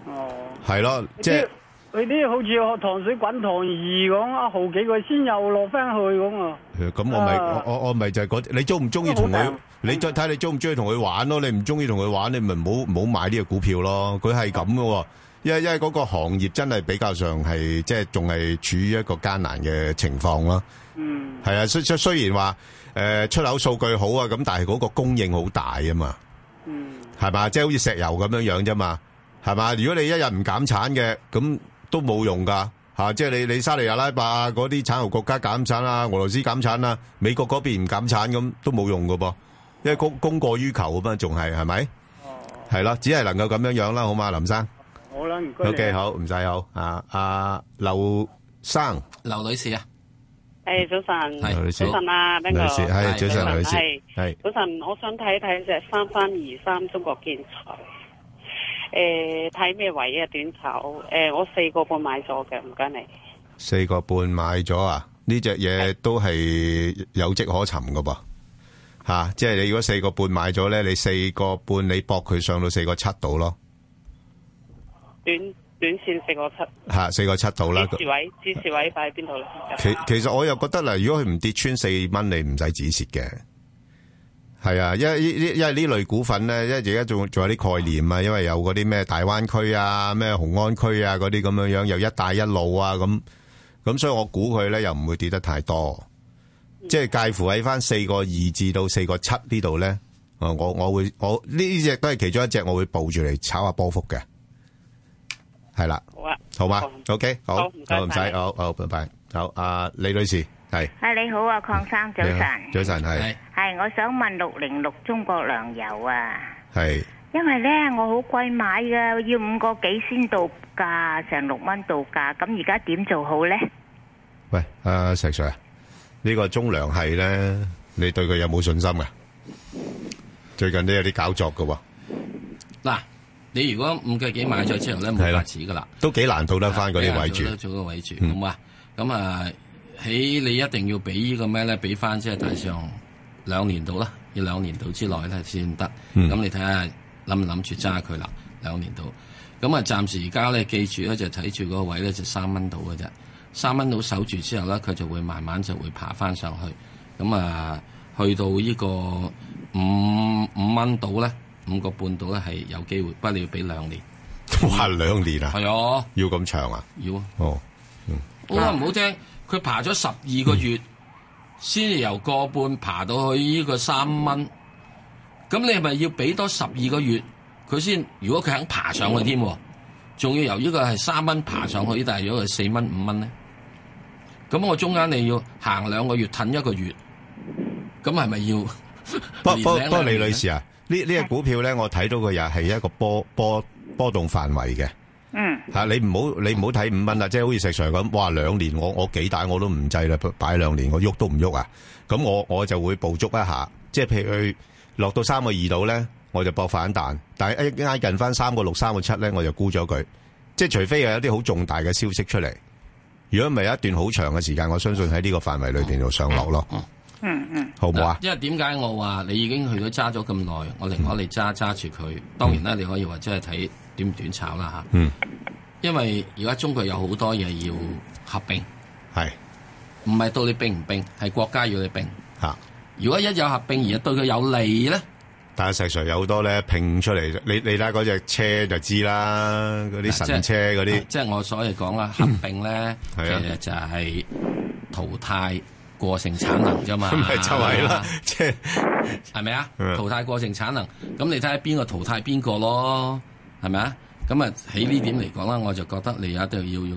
哦、啊。係咯，即係。佢啲好似學糖水滾糖二咁，一毫幾佢先又落翻去咁啊！咁我咪我我我咪就係嗰啲。你中唔中意同佢？你再睇你中唔中意同佢玩咯。你唔中意同佢玩，你咪唔好唔好買呢個股票咯。佢係咁嘅，因為因為嗰個行業真係比較上係即係仲係處於一個艱難嘅情況咯。嗯，係啊，雖雖然話誒出口數據好啊，咁但係嗰個供應好大啊嘛。嗯，係嘛，即係好似石油咁樣樣啫嘛。係嘛，如果你一日唔減產嘅咁。都冇用噶吓，即係你你沙利阿拉伯嗰啲產油國家減產啦，俄羅斯減產啦，美國嗰邊唔減產咁都冇用噶噃，因為供供過於求咁啊，仲係係咪？哦，係咯，只係能夠咁樣樣啦，好嘛，林生。好啦，唔該，OK，好，唔使好啊，阿劉生，劉女士啊。誒，早晨，早晨啊，邊個？女士，係早晨，女士，係早晨，我想睇一睇隻三三二三中國建材。誒，睇咩、呃、位啊？短炒誒、呃，我四個半買咗嘅，唔該你。四個半買咗啊？呢隻嘢都係有迹可尋噶噃，吓、啊，即係你如果四個半買咗咧，你四個半你搏佢上到四個七度咯。短短線四個七。吓、啊，四個七度啦。止蝕位，止蝕位擺喺邊度咧？其其實我又覺得啦，如果佢唔跌穿四蚊，你唔使止蝕嘅。係啊，因為呢，因為呢類股份咧，因為而家仲仲有啲概念啊，因為有嗰啲咩大灣區啊、咩雄安區啊嗰啲咁樣樣，又一帶一路啊咁，咁所以我估佢咧又唔會跌得太多，即係介乎喺翻四個二至到四個七呢度咧。我我會我呢隻都係其中一隻，我會抱住嚟炒下波幅嘅。係啦，好啊，好嘛嗎、嗯、，OK，好，好唔使，好你好，好，拜拜，好啊，李女士。係，啊你好啊，鄺生，早晨，早晨係，係，我想問六零六中國糧油啊，係，因為咧我好貴買噶，要五個幾先到價，成六蚊到價，咁而家點做好咧？喂，誒，石 Sir，呢個中糧係咧，你對佢有冇信心噶？最近都有啲搞作噶喎。嗱，你如果五個幾買咗之後咧，冇價值噶啦，都幾難到得翻嗰啲位住，做嗰位住，好嘛？咁啊。喺你一定要俾呢個咩咧？俾翻即係大上兩年度啦，要兩年度之內咧先得。咁、嗯、你睇下諗唔諗住揸佢啦？兩、嗯、年度咁啊，暫時而家咧記住咧就睇住嗰個位咧就三蚊度嘅啫，三蚊度守住之後咧，佢就會慢慢就會爬翻上去。咁啊，去到個 5, 5呢個五五蚊度咧，五個半到咧係有機會，不過你要俾兩年，哇，兩年啊，係啊，要咁長啊，要啊哦，好啦，唔好聽。佢爬咗十二個月，先、嗯、由個半爬到去呢個三蚊。咁你係咪要俾多十二個月？佢先如果佢肯爬上去添，仲要由呢個係三蚊爬上去，但係如果係四蚊五蚊咧，咁我中間你要行兩個月，褪一個月，咁係咪要？不過，不過，李 女士啊，呢呢隻股票咧，我睇到佢又係一個波波波動範圍嘅。嗯，吓、啊、你唔好你唔好睇五蚊啦，即係好似石 Sir 咁，哇兩年我我幾大我都唔制啦，擺兩年我喐都唔喐，啊，咁我我就會捕捉一下，即係譬如佢落到三個二度咧，我就搏反彈，但係一挨近翻三個六、三個七咧，我就沽咗佢，即係除非有一啲好重大嘅消息出嚟，如果唔係一段好長嘅時間，我相信喺呢個範圍裏邊度上落咯，嗯嗯，好唔好啊？因為點解我話你已經去咗揸咗咁耐，我寧可你揸揸住佢，當然啦，你可以話即係睇。點短炒啦吓，因為而家中國有好多嘢要合併，係唔係到你併唔併，係國家要你併。啊，如果一有合併而家對佢有利咧，但係石 Sir 有好多咧拼出嚟，你你睇嗰隻車就知啦，嗰啲神車嗰啲。即係我所以講啦，合併咧，係啊，就係淘汰過剩產能啫嘛。咁咪就係啦，即係係咪啊？淘汰過剩產能，咁你睇下邊個淘汰邊個咯。係咪啊？咁啊，喺呢點嚟講啦，我就覺得你一定要要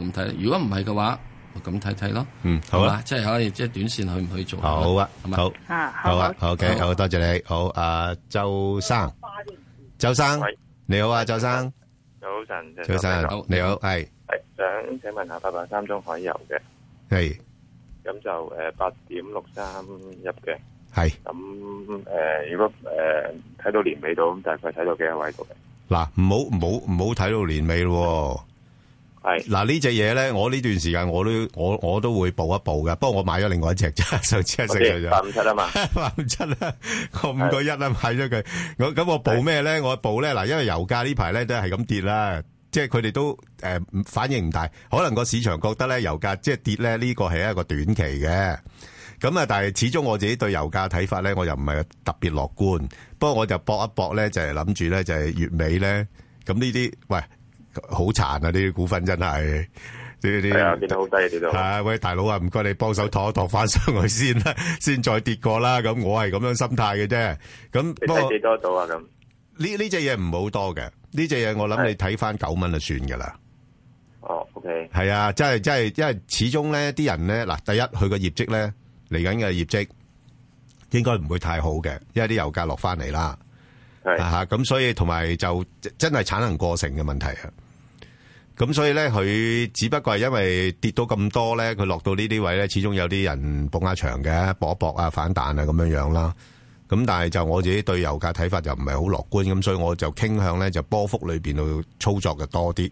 咁睇。如果唔係嘅話，我咁睇睇咯。嗯，好啊，即係可以，即係短線可以唔可以做？好啊，好啊，好嘅，好多謝你。好，阿周生，周生，你好啊，周生。早晨，早晨，你好，係。係想請問下八百三中海油嘅係，咁就誒八點六三入嘅係。咁誒，如果誒睇到年尾度，咁大概睇到幾多位度嘅？嗱，唔好唔好唔好睇到年尾咯，係嗱的呢隻嘢咧，我呢段時間我都我我都會補一補㗎。不過我買咗另外一隻啫，上次係食嘅啫，八五七啊嘛，八五七啦，我五個一啦，買咗佢，我咁我補咩咧？我補咧嗱，因為油價呢排咧都係咁跌啦，即係佢哋都誒、呃、反應唔大，可能個市場覺得咧油價即係跌咧呢、這個係一個短期嘅。咁啊！但係始終我自己對油價睇法咧，我又唔係特別樂觀。不過我就搏一搏咧，就係諗住咧，就係月尾咧。咁呢啲喂好殘啊！呢啲股份真係呢啲。係、哎、呦，跌得好低啊，跌到。喂，大佬啊，唔該你幫手托一托翻上去先啦， 先再跌過啦。咁我係咁樣心態嘅啫。咁，你跌幾多度啊？咁呢？呢隻嘢唔好多嘅。呢隻嘢我諗你睇翻九蚊就算噶啦。哦，OK 的。係啊，即係即係，因為始終咧，啲人咧嗱，第一佢個業績咧。嚟緊嘅業績應該唔會太好嘅，因為啲油價落翻嚟啦，吓咁的、啊、所以同埋就真係產能過剩嘅問題啊！咁所以咧佢只不過係因為跌到咁多咧，佢落到呢啲位咧，始終有啲人捧下場嘅，搏一搏啊反彈啊咁樣樣啦。咁但係就我自己對油價睇法就唔係好樂觀，咁所以我就傾向咧就波幅裏邊度操作嘅多啲。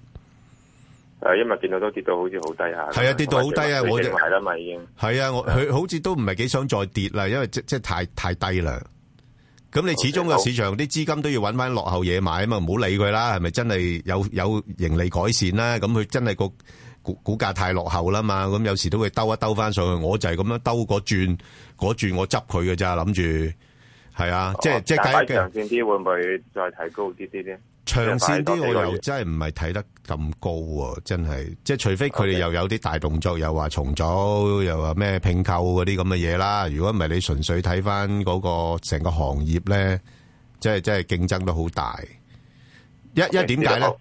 誒，因為見到都跌到好似好低啊，係啊，跌到好低啊！低我就係啦嘛，已經係啊，我佢好似都唔係幾想再跌啦，因為即即係太太低啦。咁你始終個市場啲資好金都要搵翻落後嘢買啊嘛，唔好理佢啦。係咪真係有有盈利改善啦，啊？咁佢真係個股股價太落後啦嘛。咁有時都會兜一兜翻上去。我就係咁樣兜個轉，嗰轉我執佢㗎咋，諗住係啊。好即即係睇長啲會唔會再提高啲啲咧？長線啲我又真係唔係睇得咁高喎、啊，真係，即係除非佢哋又有啲大動作，Okay. 又話重組，又話咩併購嗰啲咁嘅嘢啦。如果唔係，你純粹睇翻嗰個成個行業咧，即係即係競爭都好大。一 Okay. 一點解咧？Okay.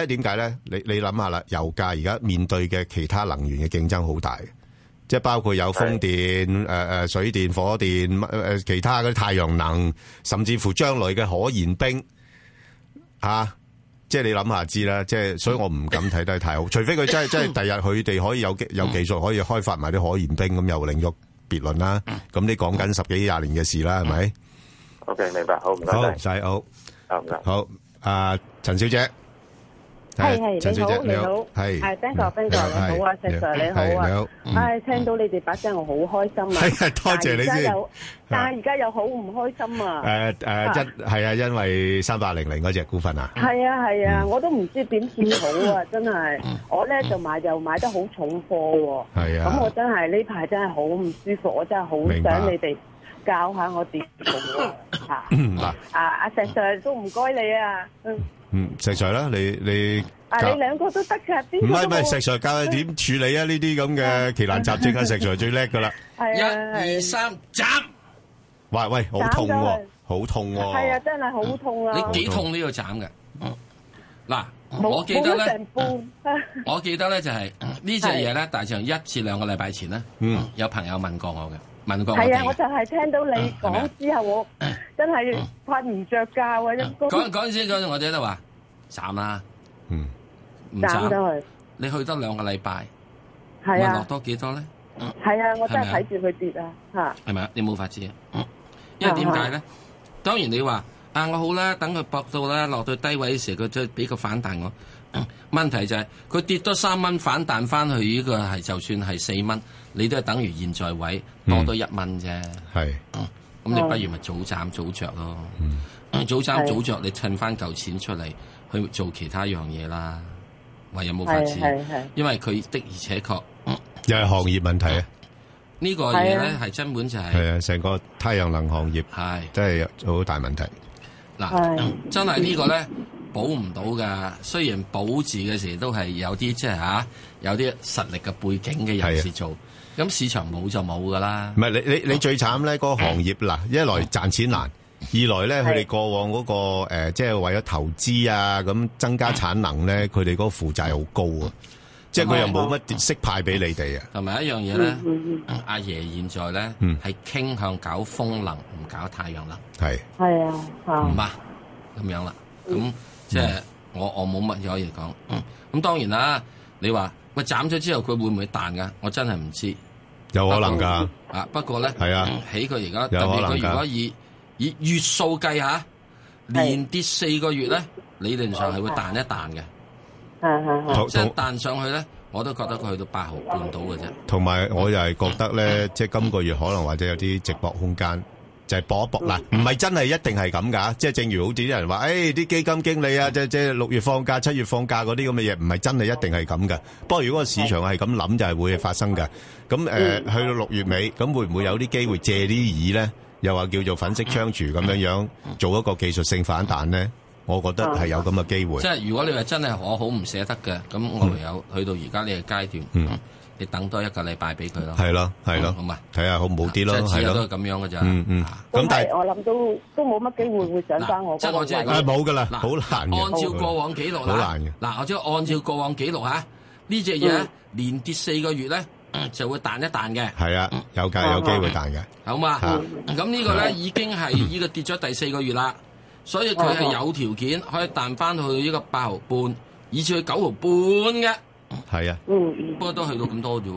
一一點解咧？你你諗下啦，油價而家面對嘅其他能源嘅競爭好大，即係包括有風電、誒誒 Yeah.、呃、水電、火電、誒、呃、其他嘅啲太陽能，甚至乎將來嘅可燃冰。吓、啊，即係你諗下知啦，即係所以我唔敢睇得太好，除非佢真係真係第日佢哋可以有技有技術可以開發埋啲可燃冰，咁又另喐別論啦，咁你講緊十幾廿年嘅事啦係咪？OK 明白，好唔該晒，唔該好，好，唔該好，阿、呃、陳小姐。係係，你好你好，係誒，彬哥彬哥你好啊，石 Sir 你好啊，哎聽到你哋把聲我好開心啊，多謝你，但係而家又但係而家又好唔開心啊，誒誒一係啊因為三八零零嗰隻股份啊，係啊係啊，我都唔知點算好啊，真係，我呢就買就買得好重貨，係啊，咁我真係呢排真係好唔舒服，我真係好想你哋教下我點啊，啊阿石 Sir 都唔該你啊，嗯。嗯，石材啦，你你啊，你兩個都得嘅，啲唔係唔係石材教你點處理啊？呢啲咁嘅奇難雜症，係石材最叻噶啦。係一二三斬。喂喂，好痛喎，好痛喎。係啊，真係好痛啊！啊痛啊你幾痛都痛要斬嘅。嗱、嗯啊，我記得咧， 我記得咧就係、是、 是呢隻嘢咧，大致上一至兩個禮拜前咧，嗯，有朋友問過我嘅。係啊！我就係聽到你講之後，我真係瞓唔着覺啊！講講先，我哋都話斬啦，嗯，斬咗去。你去多兩個禮拜，係啊，落多幾多咧？係啊，我真係睇住佢跌啊，吓。係咪啊？你冇法子，啊？因為點解咧？當然你話啊，我好啦，等佢搏到啦，落到低位嘅時候，佢再俾個反彈我。問題就係佢跌多三蚊，反彈翻去呢個係就算係四蚊。你都係等於現在位多多一蚊啫，係，咁你不如咪早斬早着咯，早斬早着，你趁翻舊錢出嚟去做其他樣嘢啦，話有冇法子？因為佢的而且確又係行業問題啊，呢個嘢咧係根本就係係啊，成個太陽能行業係真係好大問題。嗱，真係呢個咧保唔到㗎。雖然保住嘅時都係有啲即係吓，有啲實力嘅背景嘅人士做。咁市場冇就冇噶啦。唔係你你你最慘咧，嗰個行業嗱，一來賺錢難，二來咧佢哋過往嗰個誒，即係為咗投資啊，咁增加產能咧，佢哋嗰個負債好高啊，即係佢又冇乜息派俾你哋啊。同埋一樣嘢咧，阿爺現在咧係傾向搞風能，唔搞太陽能。係係啊，唔咁樣啦。咁即係我我冇乜嘢可以講。咁當然啦，你話。喂，斬咗之後佢會唔會彈噶？我真係唔知，有可能㗎。啊，不過咧，係啊的，起佢而家，特別佢如果以以月數計下，連跌四個月咧，理論上係會彈一彈嘅。係係的，即係彈上去咧，我都覺得佢去到八毫半到嘅啫。同埋我又係覺得咧，即係今個月可能或者有啲直播空間。就搏一搏啦，唔係真係一定係咁噶，即係正如好似啲人話，誒、哎，啲基金經理啊，即即六月放假、七月放假嗰啲咁嘅嘢，唔係真係一定係咁噶。不過如果個市場係咁諗，就係、是、會發生噶。咁誒、呃，去到六月尾，咁會唔會有啲機會借啲意咧？又話叫做粉飾櫥窗咁樣樣，做一個技術性反彈咧？我覺得係有咁嘅機會。即係如果你話真係我好唔捨得嘅，咁我唯有、嗯、去到而家呢個階段。嗯你等多一個禮拜俾佢咯，係咯，係咯，咁啊，睇下好唔好啲咯，係咯，都係咁樣嘅咋。嗯嗯，咁但係我諗到都冇乜機會會上翻我。即係我即係誒冇㗎啦，好難按照過往記錄好難嘅。嗱，我即係按照過往記錄吓，呢隻嘢連跌四個月咧，就會彈一彈嘅。係啊，有㗎，有機會彈嘅。好嘛，咁呢個咧已經係呢個跌咗第四個月啦，所以佢係有條件可以彈翻去呢個八毫半，以至去九毫半嘅。係啊，嗯，嗯，不過都去到咁多啫。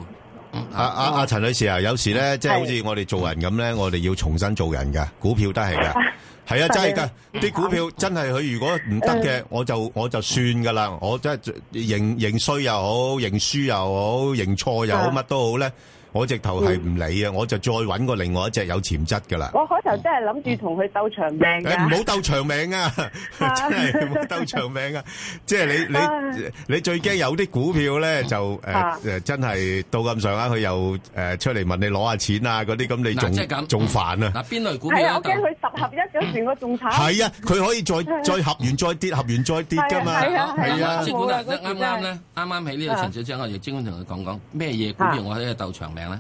啊阿阿陳女士啊，有時咧，即係好似我哋做人咁咧，我哋要重新做人噶，股票都係噶，係啊，真係噶，啲股票真係佢如果唔得嘅，我就我就算噶啦，我真係認認衰又好，認輸又好，認錯又好，乜都好咧。我直頭係唔理啊，我就再揾個另外一隻有潛質噶啦。我開頭真係諗住同佢鬥長命噶，唔好鬥長命啊！真係唔好鬥長命啊！即係你你你最驚有啲股票咧就誒誒，真係到咁上下佢又誒出嚟問你攞下錢啊嗰啲，咁你仲仲煩啊！嗱，邊類股票啊？係我驚佢十合一嗰時我仲慘。係啊，佢可以再再合完再跌，合完再跌噶嘛。係啊，係啊，即係啱啱咧，啱啱喺呢度陳小姐，我亦專登同佢講講咩嘢股票我喺度鬥長命。啦，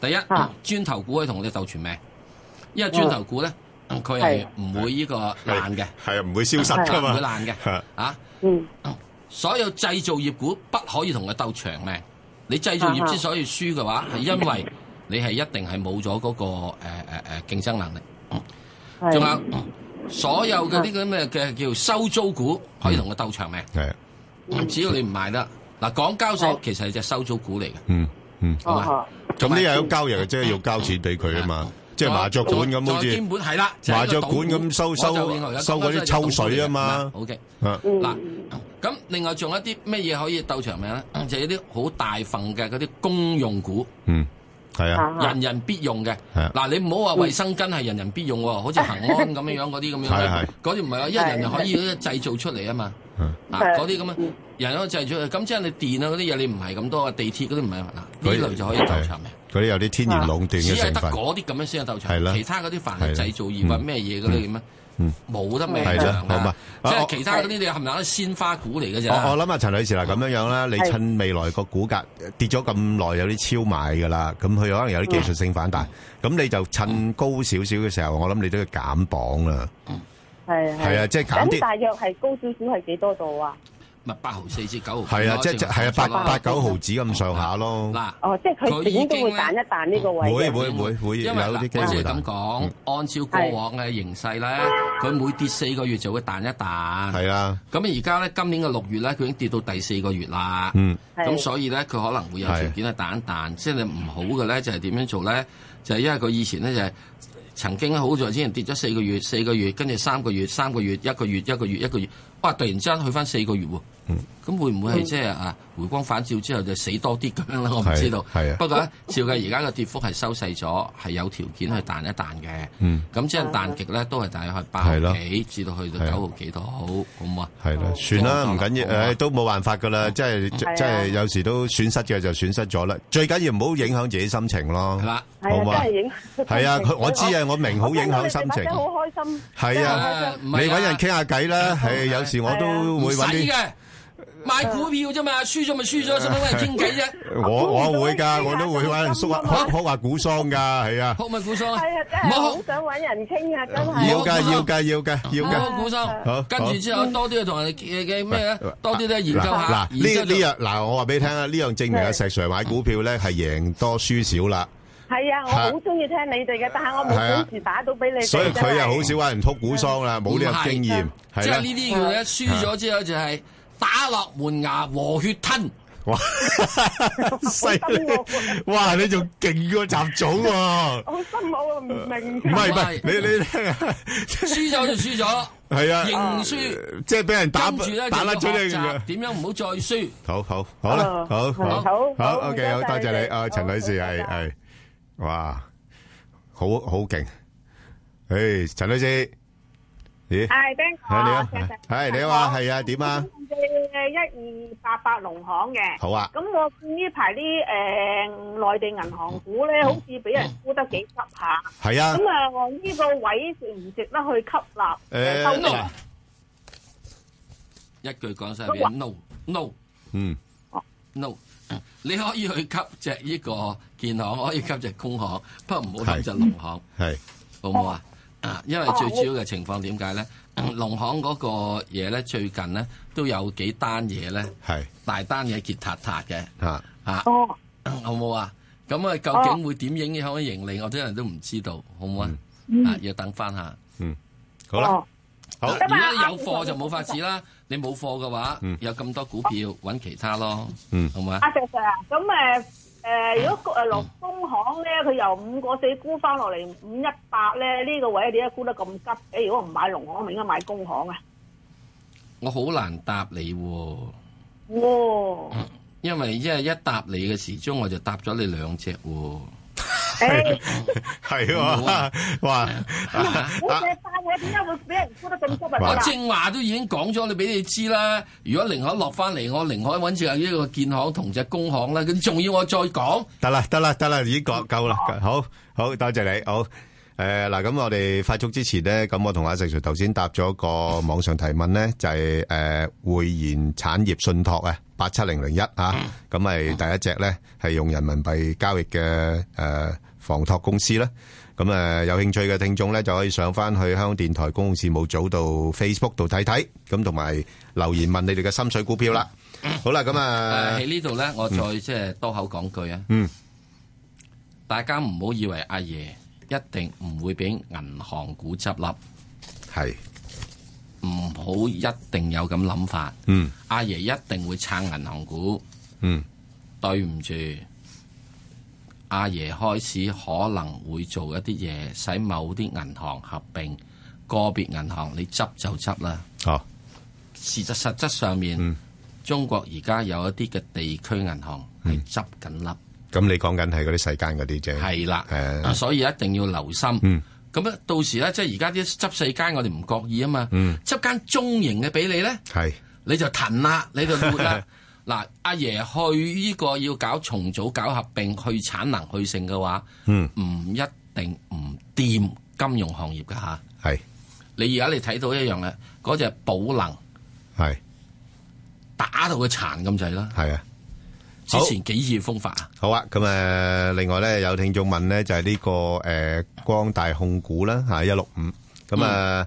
第一，啊、磚頭股可以同佢鬥全命，因為磚頭股咧，佢係唔會呢個爛嘅，係啊，唔會消失噶嘛，唔、啊、會爛嘅，吓、啊，啊、嗯，所有製造業股不可以同佢鬥長命。你製造業之所以輸嘅話，係因為你係一定係冇咗嗰個誒誒誒競爭能力，仲、嗯、是有、啊，所有嘅呢個咩嘅叫收租股，可以同佢鬥長命，係、嗯，只要你唔賣得，嗱、嗯啊，港交所其實係隻收租股嚟嘅，嗯，嗯嗯，好嘛嗎。啊咁呢樣交人即係要交錢俾佢啊嘛，即係麻雀館咁，好似，基本係啦，麻雀館咁收收收嗰啲抽水啊嘛。OK，嗱，咁另外仲有一啲咩嘢可以鬥長命咧？就係一啲好大份嘅嗰啲公用股，嗯，係啊，人人必用嘅。嗱，你唔好話衛生巾係人人必用喎，好似恒安咁樣嗰啲咁樣，嗰啲唔係話一人就可以製造出嚟啊嘛。嗱，嗰啲咁啊，人去製造，咁即係你電啊嗰啲嘢，你唔係咁多啊，地鐵嗰啲唔係，嗱，呢類就可以受牆咩？嗰啲有啲天然壟斷嘅成分，得嗰啲咁樣先受牆，其他嗰啲凡係製造業或咩嘢嗰啲點啊？冇得受牆噶，即係其他嗰啲你冚唪唥啲鮮花股嚟嘅啫。我諗啊，陳女士啦，咁樣樣啦，你趁未來個股價跌咗咁耐，有啲超賣噶啦，咁佢可能有啲技術性反彈，咁你就趁高少少嘅時候，我諗你都要減磅啦。係啊，係啊，咁大約係高少少係幾多度啊？咪八毫四至九毫，係啊，即即係啊，八八九毫紙咁上下咯。嗱，哦，即係佢已經都會彈一彈呢個位。會會會會，因為我哋咁講，按照過往嘅形勢咧，佢每跌四個月就會彈一彈。係啊，咁而家咧今年嘅六月咧，佢已經跌到第四個月啦。咁所以咧，佢可能會有條件係彈一彈。即係你唔好嘅咧，就係點樣做咧？就係因為佢以前咧就係。曾經好在之前跌咗四個月，四個月，跟住三個月，三個月，一個月，一個月，一個月。哇！突然之間去翻四個月喎，咁會唔會係即係啊回光返照之後就死多啲咁樣啦？我唔知道。係啊。不過咧，照計而家嘅跌幅係收細咗，係有條件去彈一彈嘅。咁即係彈極咧，都係大概八號幾至到去到九號幾度，好好啊？係啦，算啦，唔緊要，誒都冇辦法㗎啦。即係即係有時都損失嘅就損失咗啦。最緊要唔好影響自己心情咯。係啦。好嘛？係啊，我知啊，我明好影響心情。好開心。係啊，你揾人傾下偈啦，係有。時我都會搵啲買股票啫嘛，輸咗咪輸咗，使乜傾偈啫？我我會噶，我都會搵人縮，科普下股商噶，係啊，科普下股商啊，我好想搵人傾下，真係要噶，要噶，要噶，要噶，科普股商，好，跟住之後多啲去同人哋嘅咩咧，多啲係研究下。嗱呢呢日嗱，我話俾你聽啊，呢樣證明阿石 Sir 買股票咧係贏多輸少啦。係啊，我好中意聽你哋嘅，但係我冇本事打到俾你，所以佢又好少話人禿鼓桑啦，冇呢個經驗。即係呢啲叫一輸咗之後就係打落門牙和血吞。哇，犀利！哇，你仲勁過雜種喎！我真我唔明。唔係唔係，你你輸咗就輸咗，係啊，認輸即係俾人打住打甩咗你咁點樣唔好再輸？好好好啦，好好好，OK，好，多謝你啊，陳女士係係。哇，好好勁！誒，陳女士，咦？係你好，係你好啊？係你話係啊？點啊？借一二八八農行嘅，好啊。咁我見呢排啲誒內地銀行股咧，好似俾人沽得幾急下。係啊。咁啊，我呢個位值唔值得去吸納？誒，no，一句講晒，no，no，嗯，no，你可以去吸隻呢個。建行可以吸隻工行，不過唔好吸隻農行，好唔好啊？啊，因為最主要嘅情況點解咧？農行嗰個嘢咧，最近咧都有幾單嘢咧，大單嘢結塌塌嘅，吓吓，好唔好啊？咁啊，究竟會點影響盈利？我啲人都唔知道，好唔好啊？啊，要等翻下。嗯，好啦，好，而家有貨就冇法子啦。你冇貨嘅話，有咁多股票揾其他咯。嗯，好唔好啊？啊，謝謝啊。咁誒。誒、呃，如果誒落工行咧，佢由五個四沽翻落嚟五一八咧，呢、這個位點解沽得咁急？誒，如果唔買農行，我咪應該買工行，買工行啊？我好難答你喎。哇！因為即係一答你嘅時鐘，我就答咗你兩隻喎。係係喎，啊、哇！我點解會俾人得咁多？我正話都已經講咗，你俾你知啦。如果寧海落翻嚟，我寧海揾住呢個建行同隻工行啦，咁仲要我再講？得啦，得啦，得啦，已經講夠啦，好，好，多謝，謝你，好。誒、呃，嗱，咁我哋快速之前呢咁我同阿石 Sir 頭先答咗個網上提問呢就係、是、誒匯賢產業信託啊。八七零零一吓，咁咪第一隻咧，係用人民幣交易嘅誒房託公司啦。咁誒有興趣嘅聽眾咧就可以上翻去香港電台公共事務組度 Facebook 度睇睇，咁同埋留言問你哋嘅心水股票啦。好啦，咁啊喺呢度咧，我再即係多口講句啊，大家唔好以為阿爺一定唔會俾銀行股執笠，係。唔好一定有咁諗法，阿爺、嗯、一定會撐銀行股。嗯、對唔住，阿爺開始可能會做一啲嘢，使某啲銀行合併個別銀行你，你執就執啦。哦，事實實質上面，嗯、中國而家有一啲嘅地區銀行係執緊笠。咁、嗯、你講緊係嗰啲細間嗰啲啫。係啦的，嗯、所以一定要留心。嗯咁到時咧，即係而家啲執細間，我哋唔覺意啊嘛。嗯、執間中型嘅俾你咧是，你就騰啦，你就活啦。嗱，阿爺去呢個要搞重組、搞合併去產能、去性嘅話，唔、嗯、一定唔掂金融行業㗎吓。係是你而家你睇到一樣嘅嗰隻寶能係是打到佢殘咁滯啦。係啊。之前幾次風法啊！好啊，咁誒，另外咧有聽眾問咧，就係呢個誒光大控股啦嚇，一六五咁啊，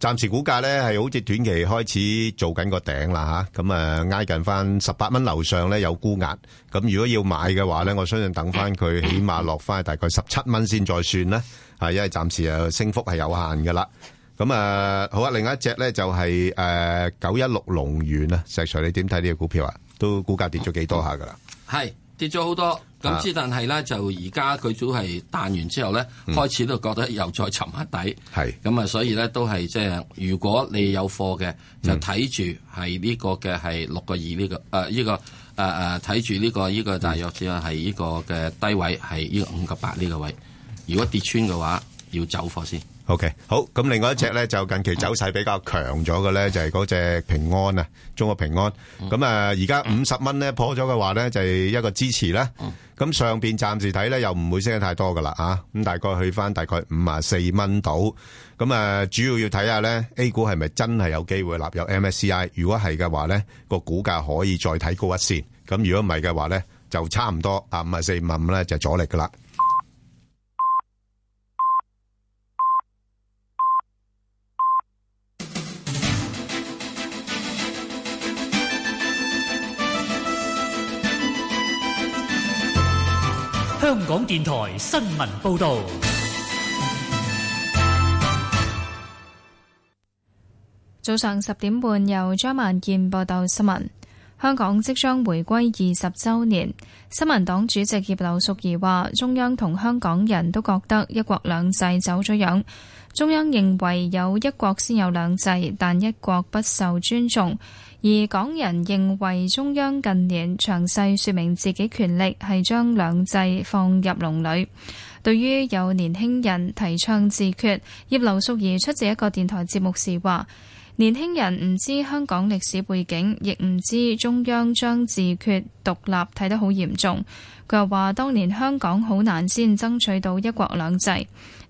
暫時股價咧係好似短期開始做緊個頂啦嚇，咁啊挨近翻十八蚊樓上咧有沽壓，咁如果要買嘅話咧，我相信等翻佢起碼落翻大概十七蚊先再算啦，嚇，因為暫時啊升幅係有限噶啦。咁啊好啊，另一隻咧就係誒九一六龍源啊，石 Sir 你點睇呢個股票啊？都股價跌咗幾多下噶啦？係跌咗好多，咁之但係咧就而家佢都係彈完之後咧，嗯、開始都覺得又再沉下底。係咁啊，所以咧都係即係如果你有貨嘅，就睇住係呢個嘅係六個二呢、嗯呃呢個誒呢、呃呢個誒誒睇住呢個呢個大約只係呢個嘅低位係呢個五個八呢個位，如果跌穿嘅話，要走貨先。OK，好，咁另外一隻咧就近期走勢比較強咗嘅咧就係嗰隻平安啊，中國平安。咁啊，而家五十蚊咧破咗嘅話咧就係一個支持啦。咁上邊暫時睇咧又唔會升得太多噶啦啊，咁大概去翻大概五啊四蚊到。咁啊，主要要睇下咧 A 股係咪真係有機會納入 MSCI？如果係嘅話咧，個股價可以再睇高一線。咁如果唔係嘅話咧，就差唔多啊五啊四五啊五咧就阻力噶啦。港電台新聞報道，早上十點半由張萬健報道新聞。香港即將回歸二十周年，新民黨主席葉劉淑儀話，中央同香港人都覺得一國兩制走咗樣。中央認為有一國先有兩制，但一國不受尊重。而港人認為中央近年詳細說明自己權力係將兩制放入籠裡。對於有年輕人提倡自決，葉劉淑儀出席一個電台節目時話：年輕人唔知香港歷史背景，亦唔知中央將自決獨立睇得好嚴重。佢又話：當年香港好難先爭取到一國兩制。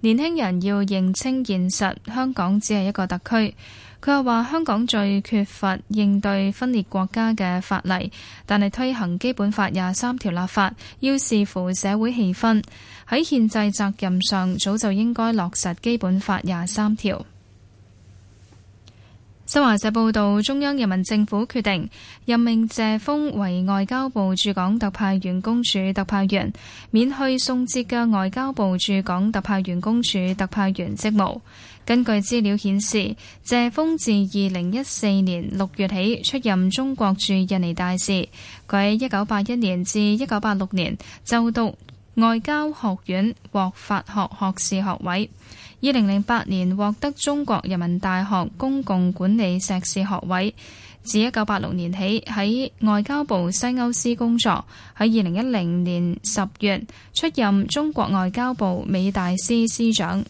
年輕人要認清現實，香港只係一個特區。佢又話：香港最缺乏應對分裂國家嘅法例，但係推行基本法廿三條立法要視乎社會氣氛。喺憲制責任上，早就應該落實基本法廿三條。新華社報道，中央人民政府決定任命謝峰為外交部駐港特派員公署特派員，免去宋哲嘅外交部駐港特派員公署特派員職務。根據資料顯示，謝鋒自二零一四年六月起出任中國駐印尼大使。佢喺一九八一年至一九八六年就讀外交學院，獲法學學士學位。二零零八年獲得中國人民大學公共管理碩士學位。自一九八六年起喺外交部西歐司工作，喺二零一零年十月出任中國外交部美大司司長。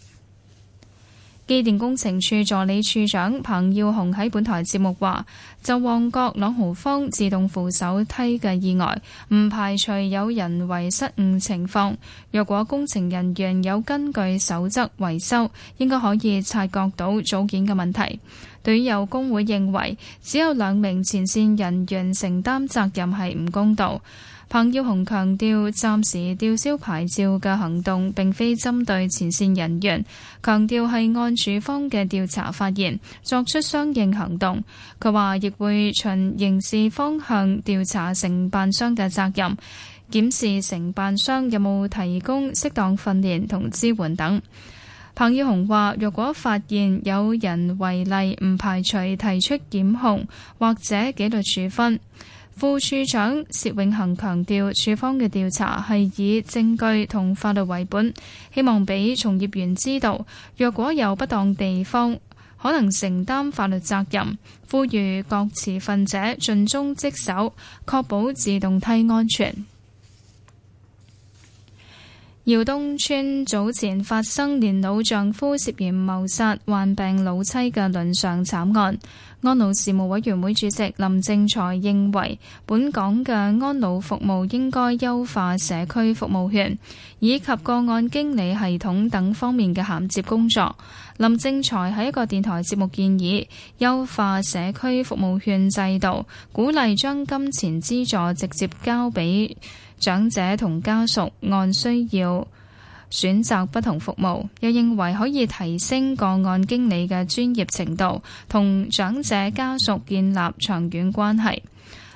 機電工程處助理處長彭耀雄喺本台節目話，就旺角朗豪坊自動扶手梯嘅意外，唔排除有人為失誤情況。若果工程人員有根據守則維修，應該可以察覺到組件嘅問題。對於有工會認為只有兩名前線人員承擔責任係唔公道。彭耀雄強調，暫時吊銷牌照嘅行動並非針對前線人員，強調係按署方嘅調查發現作出相應行動。佢話亦會循刑事方向調查承辦商嘅責任，檢視承辦商有冇提供適當訓練同支援等。彭耀雄話，若果發現有人違例，唔排除提出檢控或者紀律處分。副署長薛永恒強調，署方嘅調查係以證據同法律為本，希望俾從業員知道，若果有不當地方，可能承擔法律責任。呼籲各持份者盡忠職守，確保自動梯安全。耀東村早前發生年老丈夫涉嫌謀殺患病老妻嘅倫常慘案。安老事務委員會主席林正財認為，本港嘅安老服務應該優化社區服務券以及個案經理系統等方面嘅銜接工作。林正財喺一個電台節目建議，優化社區服務券制度，鼓勵將金錢資助直接交俾長者同家屬，按需要。選擇不同服務，又認為可以提升個案經理嘅專業程度，同長者家屬建立長遠關係。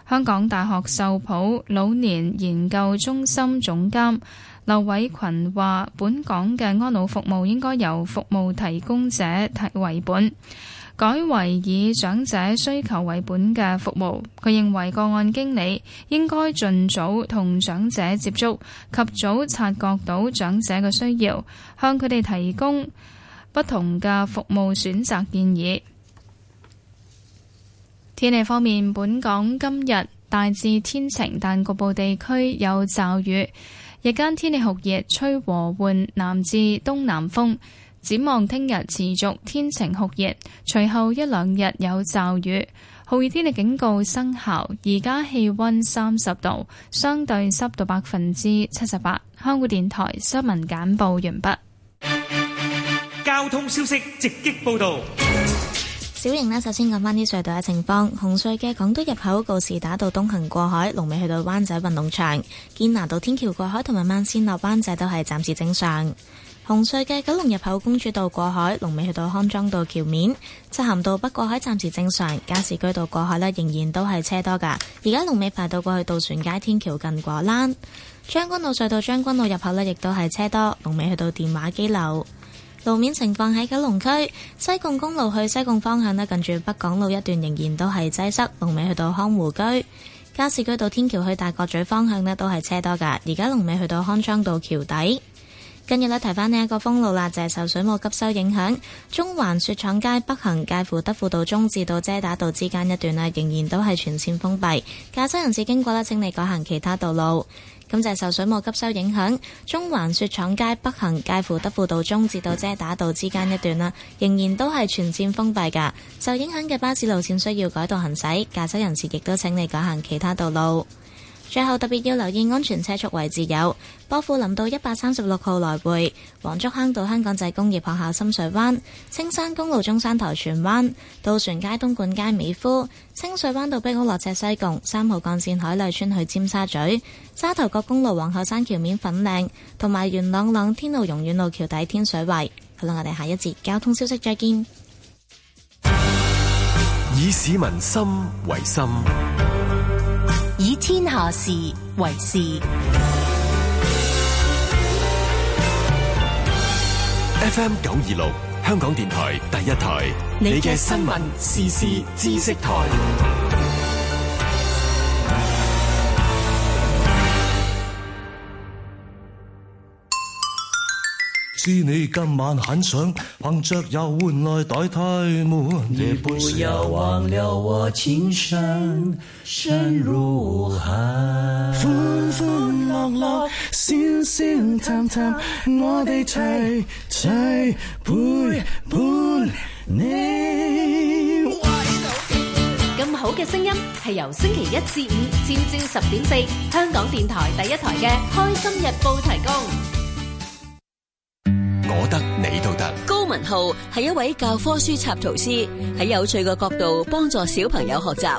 香港大學秀圃老年研究中心總監劉偉群話，本港嘅安老服務應該由服務提供者提為本，改為以長者需求為本嘅服務。佢認為個案經理應該盡早同長者接觸，及早察覺到長者嘅需要，向佢哋提供不同嘅服務選擇建議。天氣方面，本港今日大致天晴，但局部地區有驟雨。日間天氣酷熱，吹和緩南至東南風。展望聽日持續天晴酷熱，隨後一兩日有驟雨，酷熱天嘅警告生效。而家氣溫三十度，相對濕度百分之七十八。香港電台新聞簡報完畢。交通消息直擊報道。小瑩呢，首先講返啲隧道嘅情況。紅隧嘅港島入口告士打道東行過海，龍尾去到灣仔運動場；堅拿道天橋過海同埋慢線落灣仔都係暫時正常。紅隧嘅九龍入口公主道過海，龍尾去到康莊道橋面；漆咸道北過海暫時正常，加士居道過海呢，仍然都係車多噶而家龍尾排到過去渡船街天橋近果欄。將軍澳隧道將軍澳入口呢，亦都係車多，龍尾去到電話機樓。路面情況喺九龍區，西貢公路去西貢方向呢，近住北港路一段仍然都係擠塞，龍尾去到康湖居。加士居道天橋去大角咀方向呢，都係車多噶而家龍尾去到康莊道橋底。跟住咧提翻呢一個封路啦，就係、是、受水務急收影響，中環雪廠街北行介乎德輔道中至到遮打道之間一段呢，仍然都係全線封閉。駕車人士經過啦，請你改行其他道路。咁就係受水務急收影響，中環雪廠街北行介乎德輔道中至到遮打道之間一段啦，仍然都係全線封閉噶。受影響嘅巴士路線需要改道行駛，駕車人士亦都請你改行其他道路。最後特別要留意安全車速位置有：薄扶林道一百三十六號來回、黃竹坑道香港仔工業學校深水灣、青山公路中山台荃灣、渡船街東冠街美孚、清水灣道壁屋落斜西貢三號幹線海麗邨去尖沙咀、沙頭角公路皇后山橋面粉嶺，同埋元朗朗天路榮遠路橋底天水圍。好啦，我哋下一節交通消息再見。以市民心為心。以天下事為事。FM 九二六，香港電台第一台，你嘅新聞、新聞時事、知識台。知你今晚很想憑着又換來代替，啊、你不要忘了我情深深如海，歡歡樂樂，笑笑談談，我哋齊齊陪伴你。咁好嘅聲音係由星期一至五，朝朝十點四，香港電台第一台嘅《開心日報》提供。我得你都得。高文浩係一位教科書插圖師，喺有趣嘅角度幫助小朋友學習。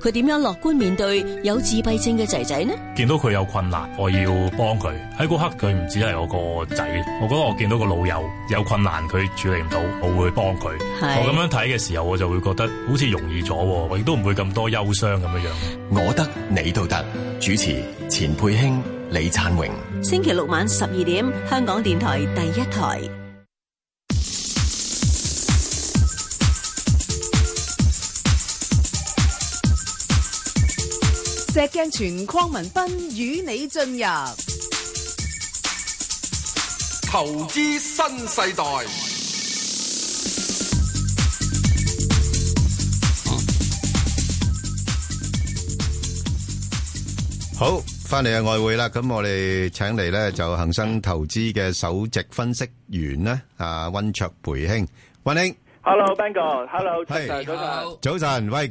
佢點樣樂觀面對有自閉症嘅仔仔呢？見到佢有困難，我要幫佢。喺嗰刻，佢唔止係我個仔，我覺得我見到個老友有困難，佢處理唔到，我會幫佢。係。我咁樣睇嘅時候，我就會覺得好似容易咗，我亦都唔會咁多憂傷咁樣樣。我得你都得，主持錢佩卿李燦榮，星期六晚十二點，香港電台第一台，石鏡泉、鄺民彬與你進入投資新世代，嗯、好。翻嚟嘅外匯啦，咁我哋請嚟咧就恒生投資嘅首席分析員咧，阿溫卓培興溫兄，Hello，Ben 哥，Hello，早晨早晨早晨，喂，誒，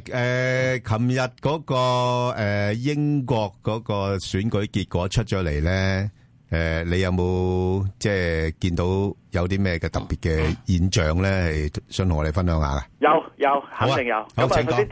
琴日嗰個誒英國嗰個選舉結果出咗嚟咧，誒，你有冇即係見到有啲咩嘅特別嘅現象咧？係想同我哋分享下噶？有有肯定有，咁啊，請講。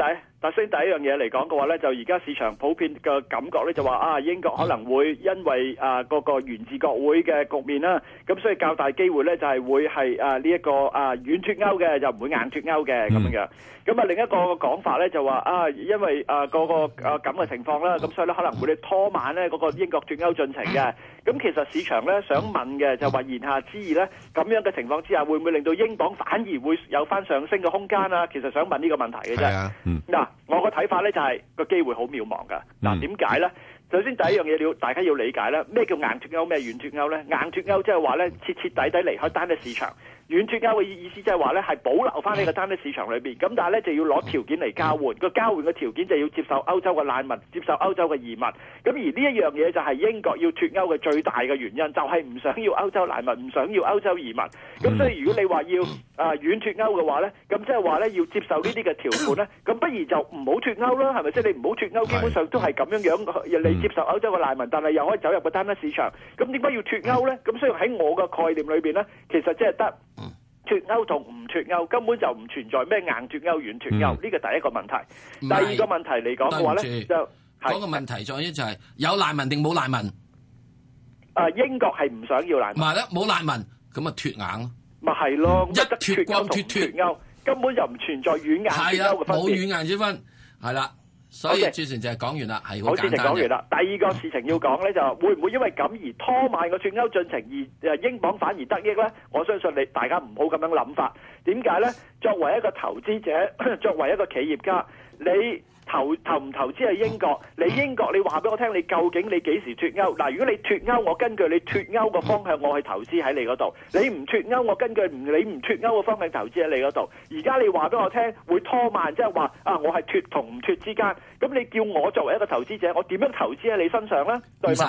首先第一樣嘢嚟講嘅話咧，就而家市場普遍嘅感覺咧，就話啊英國可能會因為啊嗰個懸峙國會嘅局面啦，咁所以較大機會咧就係會係啊呢一個啊軟脱歐嘅，又唔會硬脱歐嘅咁樣。咁啊另一個講法咧就話啊，因為啊嗰個啊咁嘅情況啦，咁所以咧可能會拖慢咧嗰個英國脱歐進程嘅。咁其實市場咧想問嘅就話言下之意咧，咁樣嘅情況之下，會唔會令到英鎊反而會有翻上升嘅空間啊？其實想問呢個問題嘅啫。嗱。我個睇法咧就係個機會好渺茫噶。嗱，點解咧？首先第一樣嘢，要大家要理解咧，咩叫硬脱歐、咩軟脱歐咧？硬脱歐即係話咧，徹徹底底離開單一市場。軟脱歐嘅意思就係話呢，係保留翻呢個單一市場裏邊，咁但係呢，就要攞條件嚟交換。個交換嘅條件，就要接受歐洲嘅難民，接受歐洲嘅移民。咁而呢一樣嘢就係英國要脱歐嘅最大嘅原因，就係、是、唔想要歐洲難民，唔想要歐洲移民。咁所以如果你話要啊軟脱歐嘅話呢，咁即係話呢，要接受呢啲嘅條款呢，咁不如就唔好脱歐啦，係咪？即係你唔好脱歐，的基本上都係咁樣，樣你接受歐洲嘅難民，但係又可以走入個單一市場。咁點解要脱歐呢？咁所以喺我嘅概念裏邊呢，其實即係得。脱歐同唔脱歐根本就唔存在咩硬脱歐、軟脱歐呢個第一個問題，第二個問題嚟講嘅話咧，就嗰個問題在於就係有難民定冇難民？啊，英國係唔想要難民。咪咧冇難民，咁啊脱硬咯。咪係咯，一脱光脱脱歐根本就唔存在軟硬嘅分。係啊，冇軟硬之分，係啦。所以轉成就係講完啦，係好講完啦。第二個事情要講咧，就是，會唔會因為咁而拖慢個轉歐進程而英鎊反而得益咧？我相信你大家唔好咁樣諗法。點解咧？作為一個投資者，作為一個企業家，你。投投唔投資喺英國？你英國，你話俾我聽，你究竟你幾時脱歐？嗱，如果你脱歐，我根據你脱歐嘅方向，我去投資喺你嗰度；你唔脱歐，我根據唔你唔脱歐嘅方向投資喺你嗰度。而家你話俾我聽，會拖慢，即係話啊，我係脱同唔脱之間。咁你叫我作為一個投資者，我點樣投資喺你身上呢？唔使，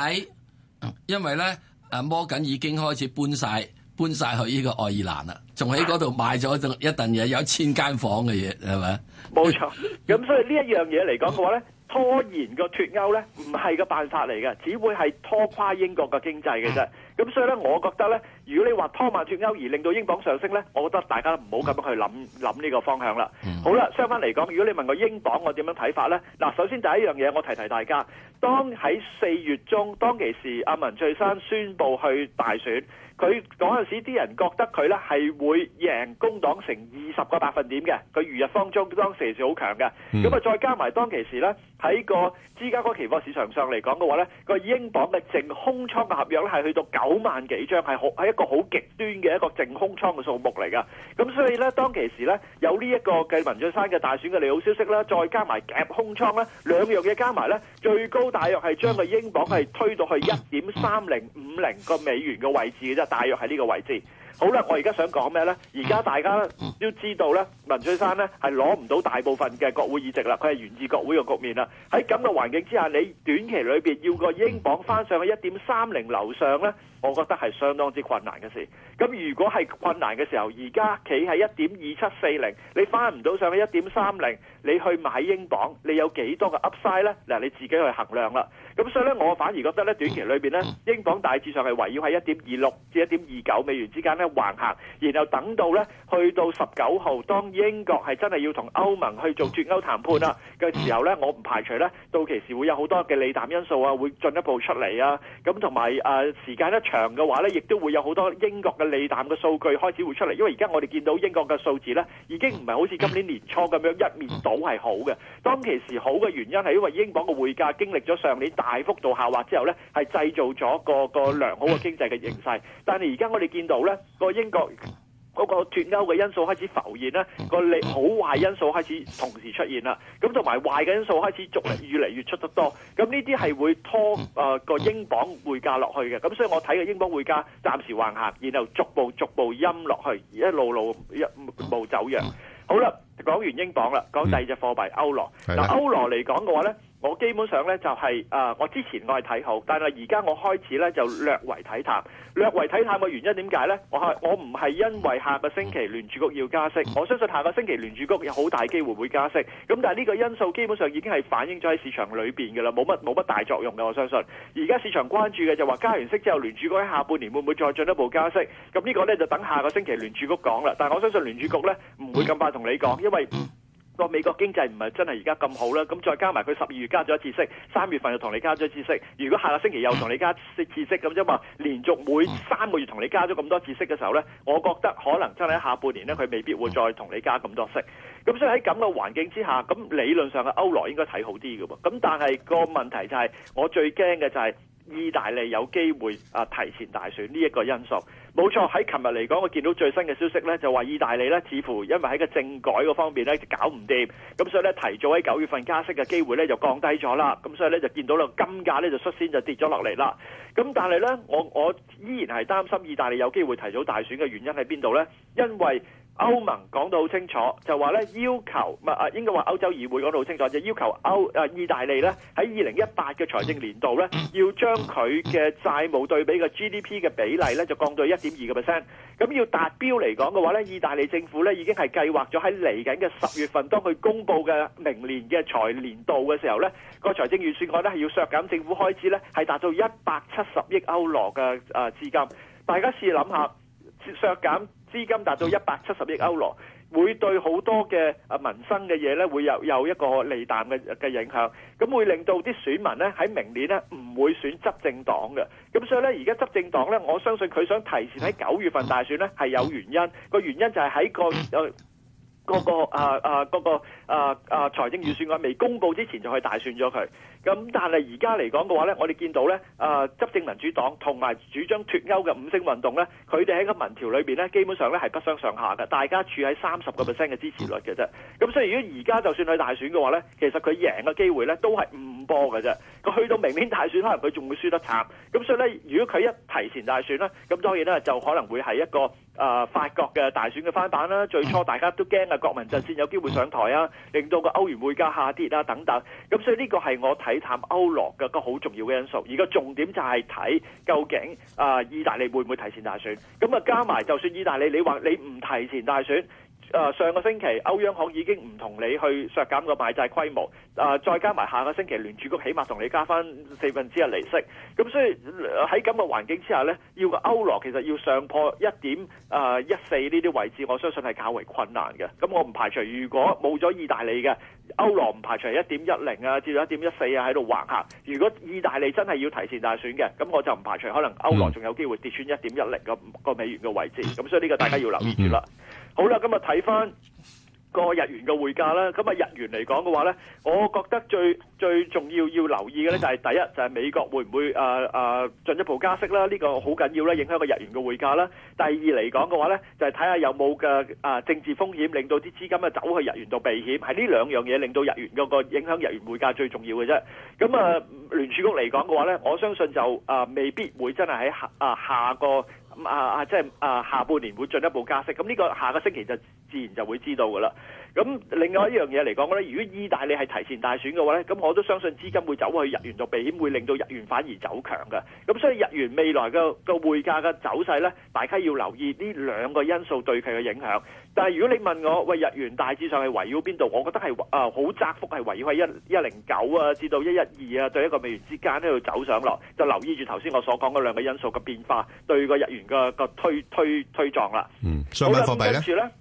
因為呢，誒摩根已經開始搬晒。搬晒去呢個愛爾蘭啦，仲喺嗰度買咗一頓一頓嘢，有一千間房嘅嘢，係咪？冇錯，咁所以呢一樣嘢嚟講嘅話咧，拖延個脱歐咧，唔係個辦法嚟嘅，只會係拖垮英國個經濟嘅啫。咁所以咧，我覺得咧，如果你話拖慢脱歐而令到英鎊上升咧，我覺得大家唔好咁樣去諗諗呢個方向啦。好啦，相反嚟講，如果你問英鎊我英鎊我點樣睇法咧，嗱，首先第一樣嘢我提提大家，當喺四月中當其時，阿文翠珊宣布去大選。佢嗰陣時啲人覺得佢咧係會贏工黨成二十個百分點嘅，佢如日方中當時係好強嘅。咁啊、嗯，再加埋當其時咧喺個芝加哥期貨市場上嚟講嘅話咧，個英鎊嘅淨空倉嘅合約咧係去到九萬幾張，係好喺一個好極端嘅一個淨空倉嘅數目嚟㗎。咁所以咧，當其時咧有呢一個繼文俊山嘅大選嘅利好消息啦，再加埋夾空倉咧，兩樣嘢加埋咧，最高大約係將個英鎊係推到去一點三零五零個美元嘅位置嘅啫。大約喺呢個位置。好啦，我而家想講咩呢？而家大家都知道咧，文翠山咧係攞唔到大部分嘅國會議席啦，佢係懸置國會嘅局面啦。喺咁嘅環境之下，你短期裏邊要個英鎊翻上去一點三零樓上呢，我覺得係相當之困難嘅事。咁如果係困難嘅時候，而家企喺一點二七四零，你翻唔到上去一點三零，你去買英鎊，你有幾多個 Upside 呢？嗱，你自己去衡量啦。咁所以咧，我反而覺得咧，短期裏邊呢，英鎊大致上係圍繞喺一點二六至一點二九美元之間呢。橫行，然後等到咧去到十九號，當英國係真係要同歐盟去做脫歐談判啦嘅時候咧，我唔排除咧，到期時會有好多嘅利淡因素啊，會進一步出嚟啊。咁同埋誒，時間一長嘅話咧，亦都會有好多英國嘅利淡嘅數據開始會出嚟。因為而家我哋見到英國嘅數字咧，已經唔係好似今年年初咁樣一面倒係好嘅。當其時好嘅原因係因為英鎊嘅匯價經歷咗上年大幅度下滑之後咧，係製造咗個個良好嘅經濟嘅形勢。但係而家我哋見到咧。個英國嗰個脫歐嘅因素開始浮現啦，個利好壞因素開始同時出現啦，咁同埋壞嘅因素開始逐嚟、越嚟越出得多，咁呢啲係會拖誒個英鎊匯價落去嘅，咁所以我睇嘅英鎊匯價暫時橫行，然後逐步逐步陰落去，一路路一路走弱，好啦。講完英鎊啦，講第二隻貨幣歐羅。嗱歐羅嚟講嘅話呢，我基本上呢就係、是、誒、呃，我之前我係睇好，但係而家我開始呢就略為睇淡，略為睇淡嘅原因點解呢？我係我唔係因為下個星期聯儲局要加息，我相信下個星期聯儲局有好大機會會加息。咁但係呢個因素基本上已經係反映咗喺市場裏面嘅啦，冇乜冇乜大作用嘅。我相信而家市場關注嘅就話加完息之後聯儲局喺下半年會唔會再進一步加息？咁呢個呢就等下個星期聯儲局講啦。但我相信聯儲局呢唔會咁快同你講。嗯因為個美國經濟唔係真係而家咁好啦，咁再加埋佢十二月加咗一次息，三月份又同你加咗一次息。如果下個星期又同你加一次息，咁啫嘛，連續每三個月同你加咗咁多次息嘅時候呢，我覺得可能真係下半年呢，佢未必會再同你加咁多息，咁所以喺咁嘅環境之下，咁理論上嘅歐羅應該睇好啲嘅噃，咁但係個問題就係，我最驚嘅就係。意大利有機會啊提前大選呢一個因素，冇錯。喺琴日嚟講，我見到最新嘅消息呢，就話意大利呢，似乎因為喺個政改嗰方面呢就搞唔掂，咁所以呢，提早喺九月份加息嘅機會呢就降低咗啦，咁所以呢，就見到個金價呢，就率先就跌咗落嚟啦，咁但係呢，我我依然係擔心意大利有機會提早大選嘅原因喺邊度呢？因為歐盟講到好清楚，就話咧要求，唔係啊，應該話歐洲議會講到好清楚，就要求歐啊，意大利咧喺二零一八嘅財政年度咧，要將佢嘅債務對比嘅 GDP 嘅比例咧，就降到一點二個 percent。咁要達標嚟講嘅話咧，意大利政府咧已經係計劃咗喺嚟緊嘅十月份，當佢公佈嘅明年嘅財年度嘅時候咧，個財政預算案咧係要削減政府開支咧，係達到一百七十億歐羅嘅啊資金。大家試諗下削減，資金達到一百七十億歐羅，會對好多嘅啊民生嘅嘢咧，會有有一個利淡嘅嘅影響，咁會令到啲選民咧喺明年咧唔會選執政黨嘅，咁所以咧而家執政黨咧，我相信佢想提前喺九月份大選咧係有原因，個原因就係喺個。嗰個啊、嗰個、啊嗰個啊財政預算案未公佈之前就去大選咗佢，咁但係而家嚟講嘅話咧，我哋見到咧啊執政民主黨同埋主張脱歐嘅五星運動咧，佢哋喺一個民調裏邊咧，基本上咧係不相上下嘅，大家處喺三十個 percent 嘅支持率嘅啫。咁所以如果而家就算去大選嘅話咧，其實佢贏嘅機會咧都係五五波嘅啫。佢去到明年大選，可能佢仲會輸得慘。咁所以咧，如果佢一提前大選咧，咁當然咧就可能會係一個。誒、呃、法國嘅大選嘅翻版啦，最初大家都驚啊，國民陣線有機會上台啊，令到個歐元匯價下跌啊等等，咁所以呢個係我睇淡歐羅嘅一個好重要嘅因素。而個重點就係睇究竟啊、呃，意大利會唔會提前大選？咁啊加埋，就算意大利你話你唔提前大選。誒、呃、上個星期歐央行已經唔同你去削減個買債規模，誒、呃、再加埋下個星期聯儲局起碼同你加翻四分之一利息，咁所以喺咁嘅環境之下呢，要個歐羅其實要上破一點誒一四呢啲位置，我相信係較為困難嘅。咁我唔排除如果冇咗意大利嘅歐羅，唔排除一點一零啊至到一點一四啊喺度橫行。如果意大利真係要提前大選嘅，咁我就唔排除可能歐羅仲有機會跌穿一點一零個美元嘅位置。咁所以呢個大家要留意住啦。嗯好啦，咁啊睇翻個日元嘅匯價啦。咁啊，日元嚟講嘅話咧，我覺得最最重要要留意嘅咧就係、係、第一就係、係、美國會唔會啊啊進一步加息啦？呢、呢個好緊要啦，影響個日元嘅匯價啦。第二嚟講嘅話咧，就係睇下有冇嘅啊政治風險令到啲資金啊走去日元度避險，係呢兩樣嘢令到日元嗰個影響日元匯價最重要嘅啫。咁啊聯儲局嚟講嘅話咧，我相信就、啊、未必會真係喺下啊下個。咁啊啊，即、就、係、是、啊，下半年會進一步加息，咁呢個下個星期就自然就會知道噶啦。咁另外一樣嘢嚟講咧，如果意大利係提前大選嘅話咧，咁我都相信資金會走去日元度避險，會令到日元反而走強嘅。咁所以日元未來嘅個匯價嘅走勢咧，大家要留意呢兩個因素對佢嘅影響。但係如果你問我，喂日元大致上係圍繞邊度？我覺得係、呃、啊，好窄幅係圍繞喺一一零九啊，至到一一二啊，對一個美元之間喺度走上落，就留意住頭先我所講嘅兩個因素嘅變化對個日元嘅推推推，推撞啦。嗯，相關貨幣咧？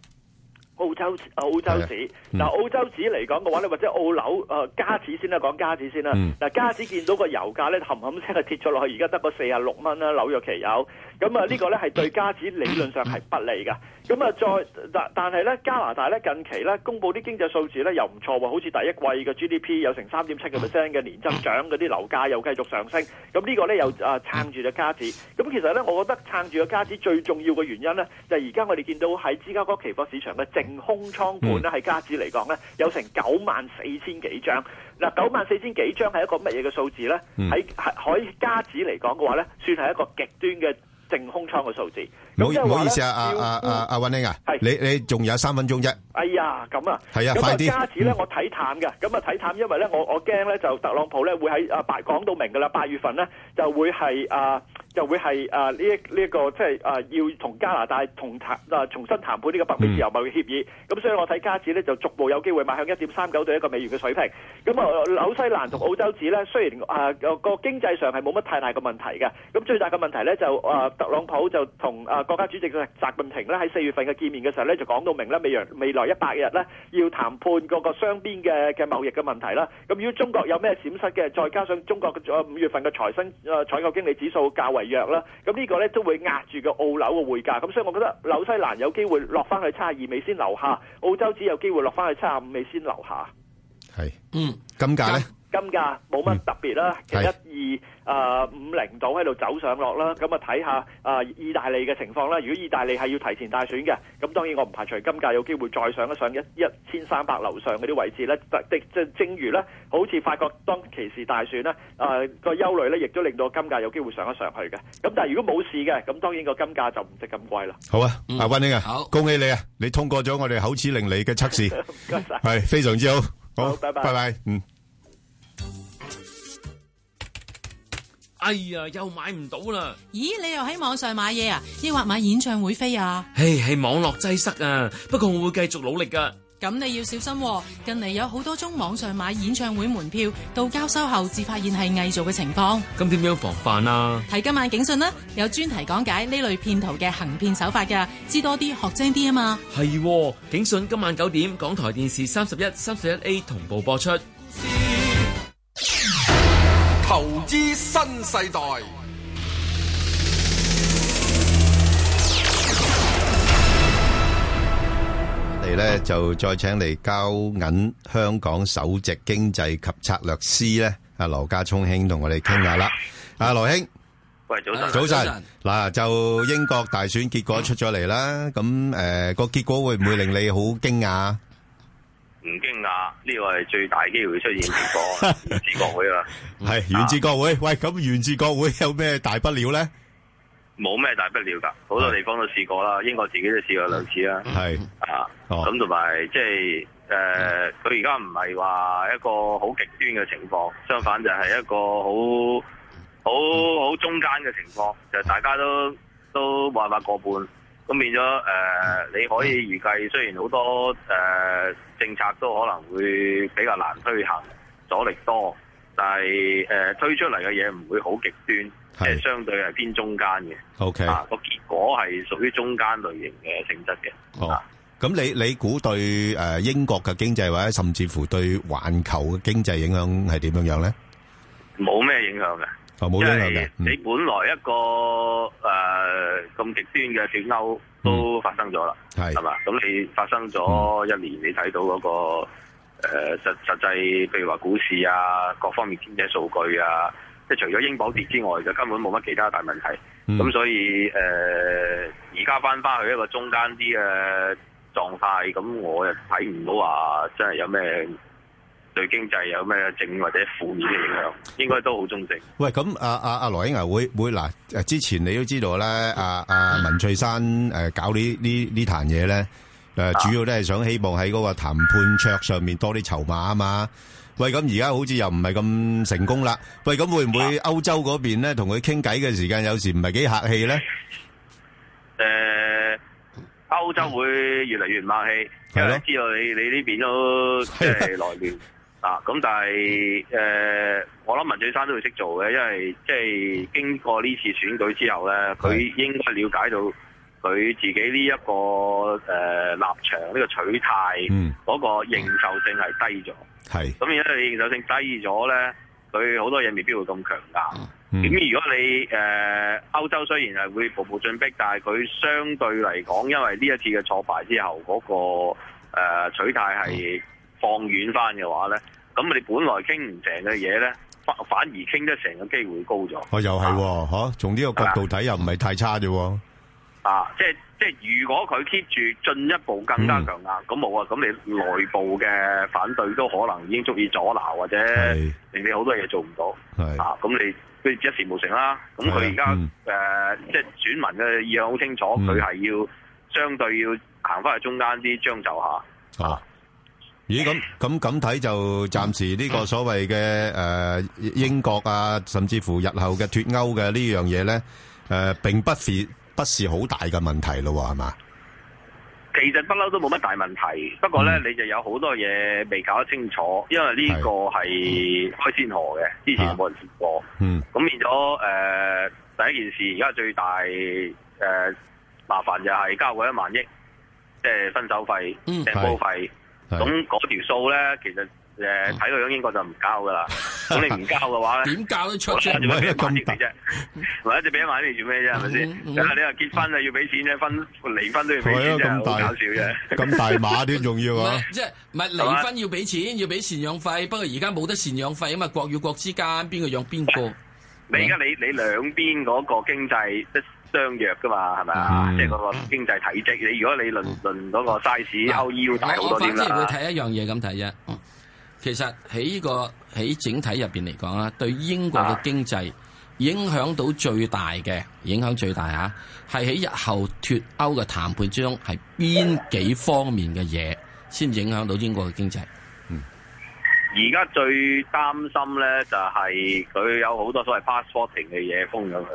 澳洲澳洲紙，嗱、嗯、澳洲紙嚟講嘅話咧，或者澳樓誒、呃、加紙先啦，講加紙先啦。嗱，加紙見到個油價咧冚冚聲係跌咗落去，而家得個四十六蚊啦，紐約期油。咁啊呢個咧係對加紙理論上係不利嘅。咁啊再，但但係咧，加拿大咧近期咧公佈啲經濟數字咧又唔錯喎，好似第一季嘅 GDP 有成三點七個 percent 嘅年增長，嗰啲樓價又繼續上升。咁呢個咧又啊撐住咗加紙。咁其實咧，我覺得撐住個加紙最重要嘅原因咧，就係而家我哋見到喺芝加哥期貨市場嘅空倉盤咧，喺、加紙嚟講咧，有成九萬四千幾張。嗱，九萬四千幾張係一個乜嘢嘅數字咧？喺、喺、加紙嚟講嘅話咧，算係一個極端嘅淨空倉嘅數字。唔好唔好意思啊，阿阿阿阿啊，啊啊啊是你你仲有三分鐘啫。哎呀，咁啊，係啊，啊，快啲。咁啊，加紙咧，我睇淡㗎。咁啊，睇淡，因為咧，我我驚咧，就特朗普咧會喺啊白講到明噶啦，八月份咧就會係啊。就會係啊呢一呢一個即係、這個、啊要同加拿大同談、啊、重新談判呢個北美自由貿易協議。咁、mm. 所以我睇加紙呢，就逐步有機會邁向一點三九對一個美元嘅水平。咁啊紐西蘭同澳洲紙呢，雖然啊個經濟上係冇乜太大嘅問題嘅。咁最大嘅問題呢，就啊特朗普就同啊國家主席嘅習近平呢喺四月份嘅見面嘅時候呢，就講到明咧未來未來一百日呢，要談判嗰個雙邊嘅嘅貿易嘅問題啦。咁如果中國有咩閃失嘅，再加上中國五月份嘅財新、採購經理指數較為弱啦，咁呢個呢都會壓住個澳紐嘅匯價。咁所以我覺得紐西蘭有機會落翻去七二美先留下，澳洲只有機會落翻去七五美先留下。係是，嗯，咁解。咧、嗯？金價冇乜特別啦，嗯、其一二啊、呃、五零度喺度走上落啦，咁啊睇下啊意大利嘅情況啦。如果意大利係要提前大選嘅，咁當然我唔排除金價有機會再上一上一一千三百樓上嗰啲位置咧。的即正如咧，好似法國當其時大選咧，誒個憂慮咧，亦都令到金價有機會上一上去嘅。咁但係如果冇事嘅，咁當然個金價就唔值咁貴啦。好啊，阿温兄，啊溫啊、好恭喜你啊！你通過咗我哋口齒伶俐嘅測試，係、嗯、非常之好。好，好拜拜，拜拜嗯。哎呀，又買唔到啦！咦，你又喺網上買嘢啊？抑或買演唱會飛啊？唉，係網絡擠塞啊！不過我會繼續努力噶。咁你要小心喎，近嚟有好多宗網上買演唱會門票到交收後，至發現係偽造嘅情況。咁點樣防範啊？睇今晚警訊啦，啊，有專題講解呢類騙徒嘅行騙手法噶，知多啲，學精啲啊嘛。係喎，警訊今晚九點，港台電視三十一、三十一 A 同步播出。投資新世代，我哋咧就再請嚟交銀香港首席經濟及策略師咧，阿羅家聰兄同我哋傾下啦。阿羅兄，喂，早晨，早晨嗱，就英國大選結果出咗嚟啦。咁誒，個結果會唔會令你好驚訝？唔驚訝，呢個係最大機會出現嘅情況，源自 國會啦，係源自國會。但喂，咁源自國會有咩大不了咧？冇咩大不了噶，好多地方都試過啦，是英國自己都試過兩次啦，係是啊，咁同埋即係誒，佢而家唔係話一個好極端嘅情況，相反就係一個好好好中間嘅情況，就是，大家都都冇辦法過半。咁變咗，誒、呃，你可以預計，雖然好多，誒、呃，政策都可能會比較難推行，阻力多，但係，誒、呃，推出嚟嘅嘢唔會好極端，即係是相對係偏中間嘅。O Okay . K，啊，那個結果係屬於中間類型嘅性質嘅。哦、oh.，咁你你估對，誒，英國嘅經濟或者甚至乎對環球嘅經濟影響係點樣樣咧？冇咩影響嘅。即、哦嗯、你本來一個誒咁、呃、極端嘅脫歐都發生咗啦，係咪、嗯？嘛？咁你發生咗一年，嗯、你睇到嗰、那個誒、呃、實，實際際，譬如話股市啊，各方面經濟數據啊，即除咗英鎊跌之外，就根本冇乜其他大問題。咁、嗯、所以誒，而家翻翻去一個中間啲嘅狀態，咁、呃、我又睇唔到話，即係有咩？對經濟有咩正或者負面嘅影響？應該都好中正。喂，咁阿阿阿羅英華會會嗱，之前你都知道咧，阿阿文翠珊誒搞呢呢呢壇嘢咧，誒主要都係想希望喺嗰個談判桌上面多啲籌碼啊嘛。喂，咁而家好似又唔係咁成功啦。喂，咁會唔會歐洲嗰邊咧同佢傾偈嘅時間有時唔係幾客氣咧？誒，歐洲會越嚟越唔客氣，因為知道你你呢邊都即係內亂。啊，咁但係誒、嗯呃，我諗文翠珊都會識做嘅，因為即係、就是、經過呢次選舉之後咧，佢、嗯、應該了解到佢自己呢、這、一個誒、呃、立場，呢、這個取態，嗰個認受性係低咗。係、嗯。咁而家你認受性低咗咧，佢好是多嘢未必會咁強硬。咁、嗯嗯、如果你誒、呃、歐洲雖然係會步步進逼，但係佢相對嚟講，因為呢一次嘅挫敗之後，嗰、那個、呃、取態係。嗯放遠翻嘅話咧，咁你哋本來傾唔成嘅嘢咧，反反而傾得成嘅機會高咗。啊、哦，又係、啊，喎，從呢個角度睇又唔係太差啫。是是啊，即係即係，如果佢 keep 住進一步更加強硬，咁冇啊，咁你內部嘅反對都可能已經足以阻撓或者令你好多嘢做唔到。係是啊，咁你佢一事無成啦。咁佢而家即係選民嘅意向好清楚，佢係、嗯、要相對要行翻去中間啲，將就下。啊。啊。咦，咁咁咁睇就暫時呢個所謂嘅誒英國啊，甚至乎日後嘅脫歐嘅呢樣嘢咧，誒、呃，並不是不是好大嘅問題咯，係嘛？其實不嬲都冇乜大問題，不過咧你就有好多嘢未搞得清楚，因為呢個係開先河嘅，之前冇人接過。嗯、啊。咁變咗誒、呃、第一件事，而家最大誒、呃、麻煩就係交過一萬億，即、就、係、是、分手費、訂鋪費。咁嗰、啊、條數咧，其實誒睇佢樣，呃、英國就唔交噶啦。咁你唔交嘅話咧，點交都出唔嚟。為咗俾啲麻煩你啫，為咗俾啲麻煩你做咩啫？係咪先？你話、嗯、結婚啊要俾錢啫，嗯、分離婚都要俾錢、啊、搞笑啫。咁大碼啲仲要啊？即係唔係離婚要俾錢，要俾贍養費？不過而家冇得贍養費啊嘛，國與國之間邊個養邊個？你而家你你兩邊嗰個經濟。相約噶嘛，係咪啊？即係嗰個經濟體積。你如果你論論嗰個 size，EU，嗯、大好多啲啦，啊、我反而會睇一樣嘢咁睇啫。其實喺呢，這個喺整體入邊嚟講，對對英國嘅經濟影響到最大嘅，啊、影響最大吓，係、啊、喺日後脫歐嘅談判之中，係邊幾方面嘅嘢先影響到英國嘅經濟。嗯，而家最擔心咧就係、是、佢有好多所謂 passporting 嘅嘢封咗佢。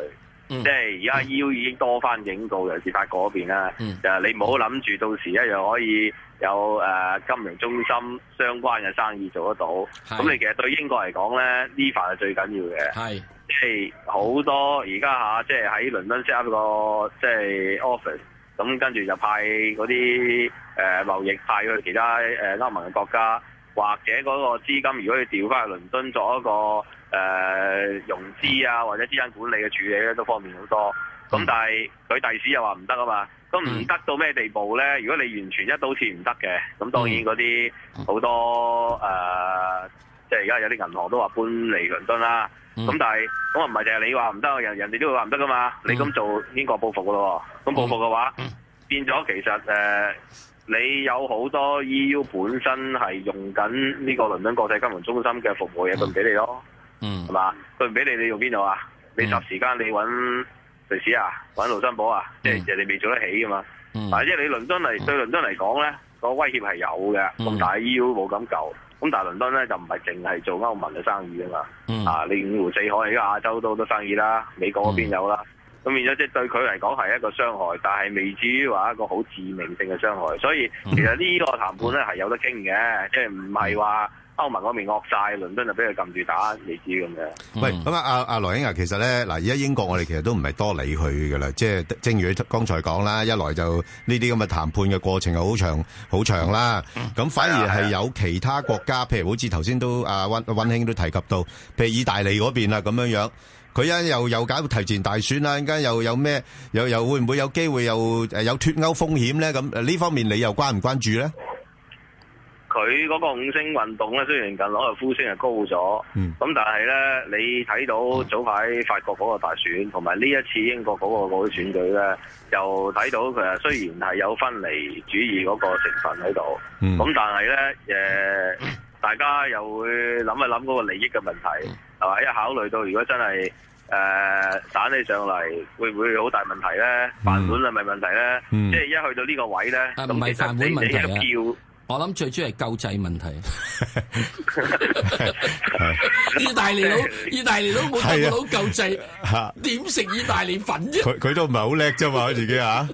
嗯嗯、即係而家 EU 已經多翻警告，尤其是法嗰邊啦，嗯、就你唔好諗住到時一樣可以有誒、呃、金融中心相關嘅生意做得到。咁是你其實對英國嚟講咧，呢法係最緊要嘅。即係好多而家嚇，即係喺倫敦 set up 個即係、就是、office，咁跟住就派嗰啲誒貿易派去其他誒歐盟嘅國家，或者嗰個資金如果要調翻去倫敦做一個。誒、呃、融資啊，或者資產管理嘅處理咧，都方便好多。咁、嗯、但係佢第時又話唔得啊嘛，咁唔得到咩地步咧？如果你完全一刀切唔得嘅，咁當然嗰啲好多誒、呃，即係而家有啲銀行都話搬嚟倫敦啦。咁但係咁啊，唔係淨係你話唔得，人人哋都會話唔得噶嘛。你咁做邊個報復嘅咯？咁報復嘅話，嗯、變咗其實誒、呃，你有好多 EU 本身係用緊呢個倫敦國際金融中心嘅服務嘢，撥俾、嗯、你咯。嗯，係嘛？佢唔俾你，你用邊度啊？嗯、你霎時間你揾瑞士啊，揾盧森堡啊，嗯、即係人哋未做得起噶嘛。啊、嗯，但即係你倫敦嚟，嗯、對倫敦嚟講咧，個威脅係有嘅。咁、嗯、但係 EU 冇咁夠，咁但係倫敦咧就唔係淨係做歐盟嘅生意啊嘛。嗯、啊，你五湖四海，而家亞洲都好多生意啦，美國嗰邊有啦。咁、嗯、變咗即係對佢嚟講係一個傷害，但係未至於話一個好致命性嘅傷害。所以其實個談呢個談判咧係有得傾嘅，嗯、即係唔係話。歐盟嗰邊惡曬，倫敦就俾佢撳住打，你知咁樣。唔係咁啊，阿阿羅興啊，其實咧嗱，而家英國我哋其實都唔係多理佢嘅啦，即係正如剛才講啦，一來就呢啲咁嘅談判嘅過程又好長好長啦。咁反而係有其他國家，譬如好似頭先都阿溫溫馨都提及到，譬如意大利嗰邊啦咁樣樣，佢依家又有搞提前大選啦，陣間又有咩，又又會唔會有機會又誒有脫歐風險咧？咁呢方面你又關唔關注咧？佢嗰個五星運動咧，雖然近來個呼聲係高咗，咁、嗯、但係咧，你睇到早排法國嗰個大選，同埋呢一次英國嗰個嗰啲選舉咧，又睇到佢啊，雖然係有分離主義嗰個成分喺度，咁、嗯、但係咧、呃，大家又會諗一諗嗰個利益嘅問題，係咪、嗯？一考慮到如果真係誒彈起上嚟，會唔會好大問題咧？飯碗係咪問題咧？即係、嗯、一去到呢個位咧，咁唔係我諗最主要係救濟問題。意大利佬，意大利佬冇做到救濟，點食意大利粉啫？佢佢都唔係好叻啫嘛，佢自己啊。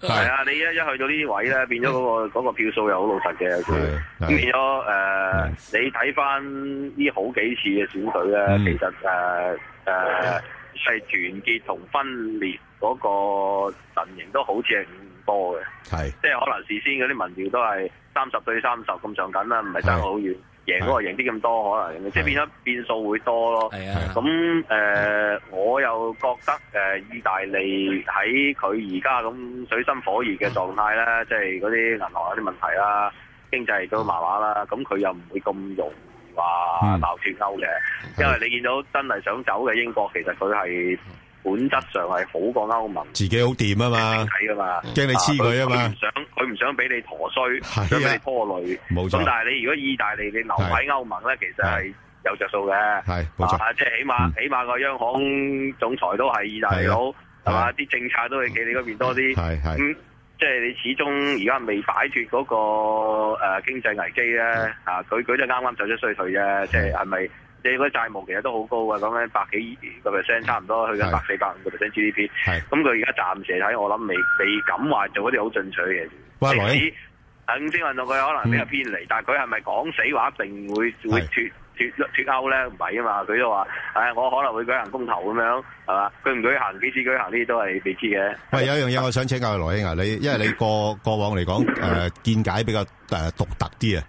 係啊，你一一去到呢位咧，變咗嗰個票數又好老實嘅佢。變咗誒，你睇翻呢好幾次嘅選舉咧，其實誒誒係團結同分裂嗰個陣營都好正。多嘅，係即係可能事先嗰啲民調都係三十對三十咁上近上緊啦，唔係爭好遠，是的贏嗰個贏啲咁多可能，即係變咗變數會多咯。咁誒，我又覺得誒，呃、的意大利喺佢而家咁水深火熱嘅狀態咧，嗯、即係嗰啲銀行有啲問題啦，經濟都麻麻啦，咁佢、嗯、又唔會咁容易話鬧斷勾嘅，嗯、因為你見到真係想走嘅英國，其實佢係。本質上係好過歐盟，自己好掂啊嘛，驚你睇啊嘛，驚你黐佢啊嘛，佢唔想佢唔想俾你陀衰，俾你拖累。冇錯。咁但係你如果意大利你留喺歐盟咧，其實係有着數嘅。係，冇錯。即係起碼起碼個央行總裁都係意大利佬，係嘛？啲政策都係企你嗰邊多啲。係係。咁即係你始終而家未擺脫嗰個誒經濟危機咧，啊，佢佢就啱啱走出衰退啫，即係係咪？你個債務其實都好高啊。咁樣百幾個 percent 差唔多，去緊百四百五個 percent GDP，咁佢而家暫時睇，我諗未未敢話做一啲好進取嘅，喂，羅英啊，五星運動佢可能比較偏離，嗯、但係佢係咪講死話一定會會脱脱脱歐咧？唔係啊嘛，佢都話誒、哎，我可能會舉行公投咁樣，係嘛？佢唔舉行幾時舉行呢？都係未知嘅。喂，有一樣嘢我想請教下羅英啊，你因為你過、嗯、過往嚟講誒見解比較誒、呃、獨特啲啊。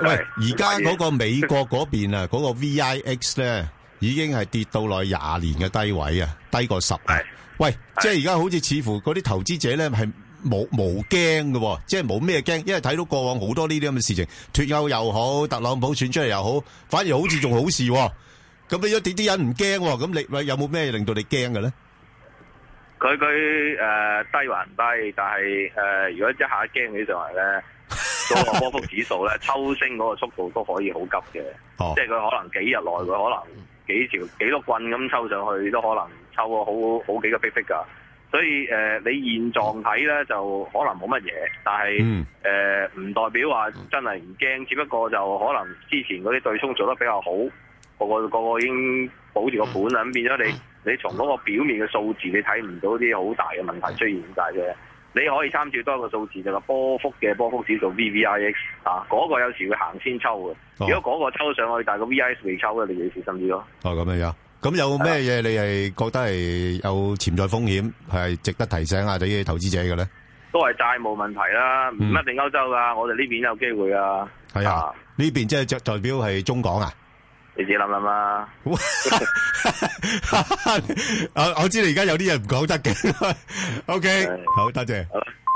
喂，而家嗰個美國嗰邊啊，嗰、嗰個 VIX 咧 已經係跌到落廿年嘅低位啊，低過十。係， 喂， 即係而家好似似乎嗰啲投資者咧係冇冇驚嘅，即係冇咩驚，因為睇到過往好多呢啲咁嘅事情，脱歐又好，特朗普選出嚟又好，反而好似仲好事，哦。咁、哦、你咗啲啲人唔驚，咁你有冇咩令到你驚嘅咧？佢佢誒低還低，但係誒、呃、如果下一下驚起上嚟咧。嗰 個波幅指數咧，抽升嗰個速度都可以好急嘅，oh. 即係佢可能幾日內，佢可能幾條幾多棍咁抽上去，都可能抽過好好幾個 percent 㗎。所以誒、呃，你現狀睇咧就可能冇乜嘢，但係誒唔代表話真係唔驚，mm. 只不過就可能之前嗰啲對沖做得比較好，個個個個已經保住個盤啦，mm. 變咗你你從嗰個表面嘅數字，你睇唔到啲好大嘅問題出現曬嘅。Mm. 大你可以參照多個數字，就係波幅嘅波幅指數 V V I X 啊，嗰、那個有時會行先抽嘅。哦、如果嗰個抽上去，但係個 V I X 未抽咧，你要小心啲咯。哦，咁樣樣。咁有咩嘢你係覺得係有潛在風險係值得提醒下啲投資者嘅咧？都係債務問題啦，唔一定歐洲㗎，嗯、我哋呢邊有機會啊。係啊，呢、啊、邊即係即代表係中港啊。你自己諗諗啦。我我知道你而家有啲嘢唔講得嘅。 OK，好，多謝。拜拜。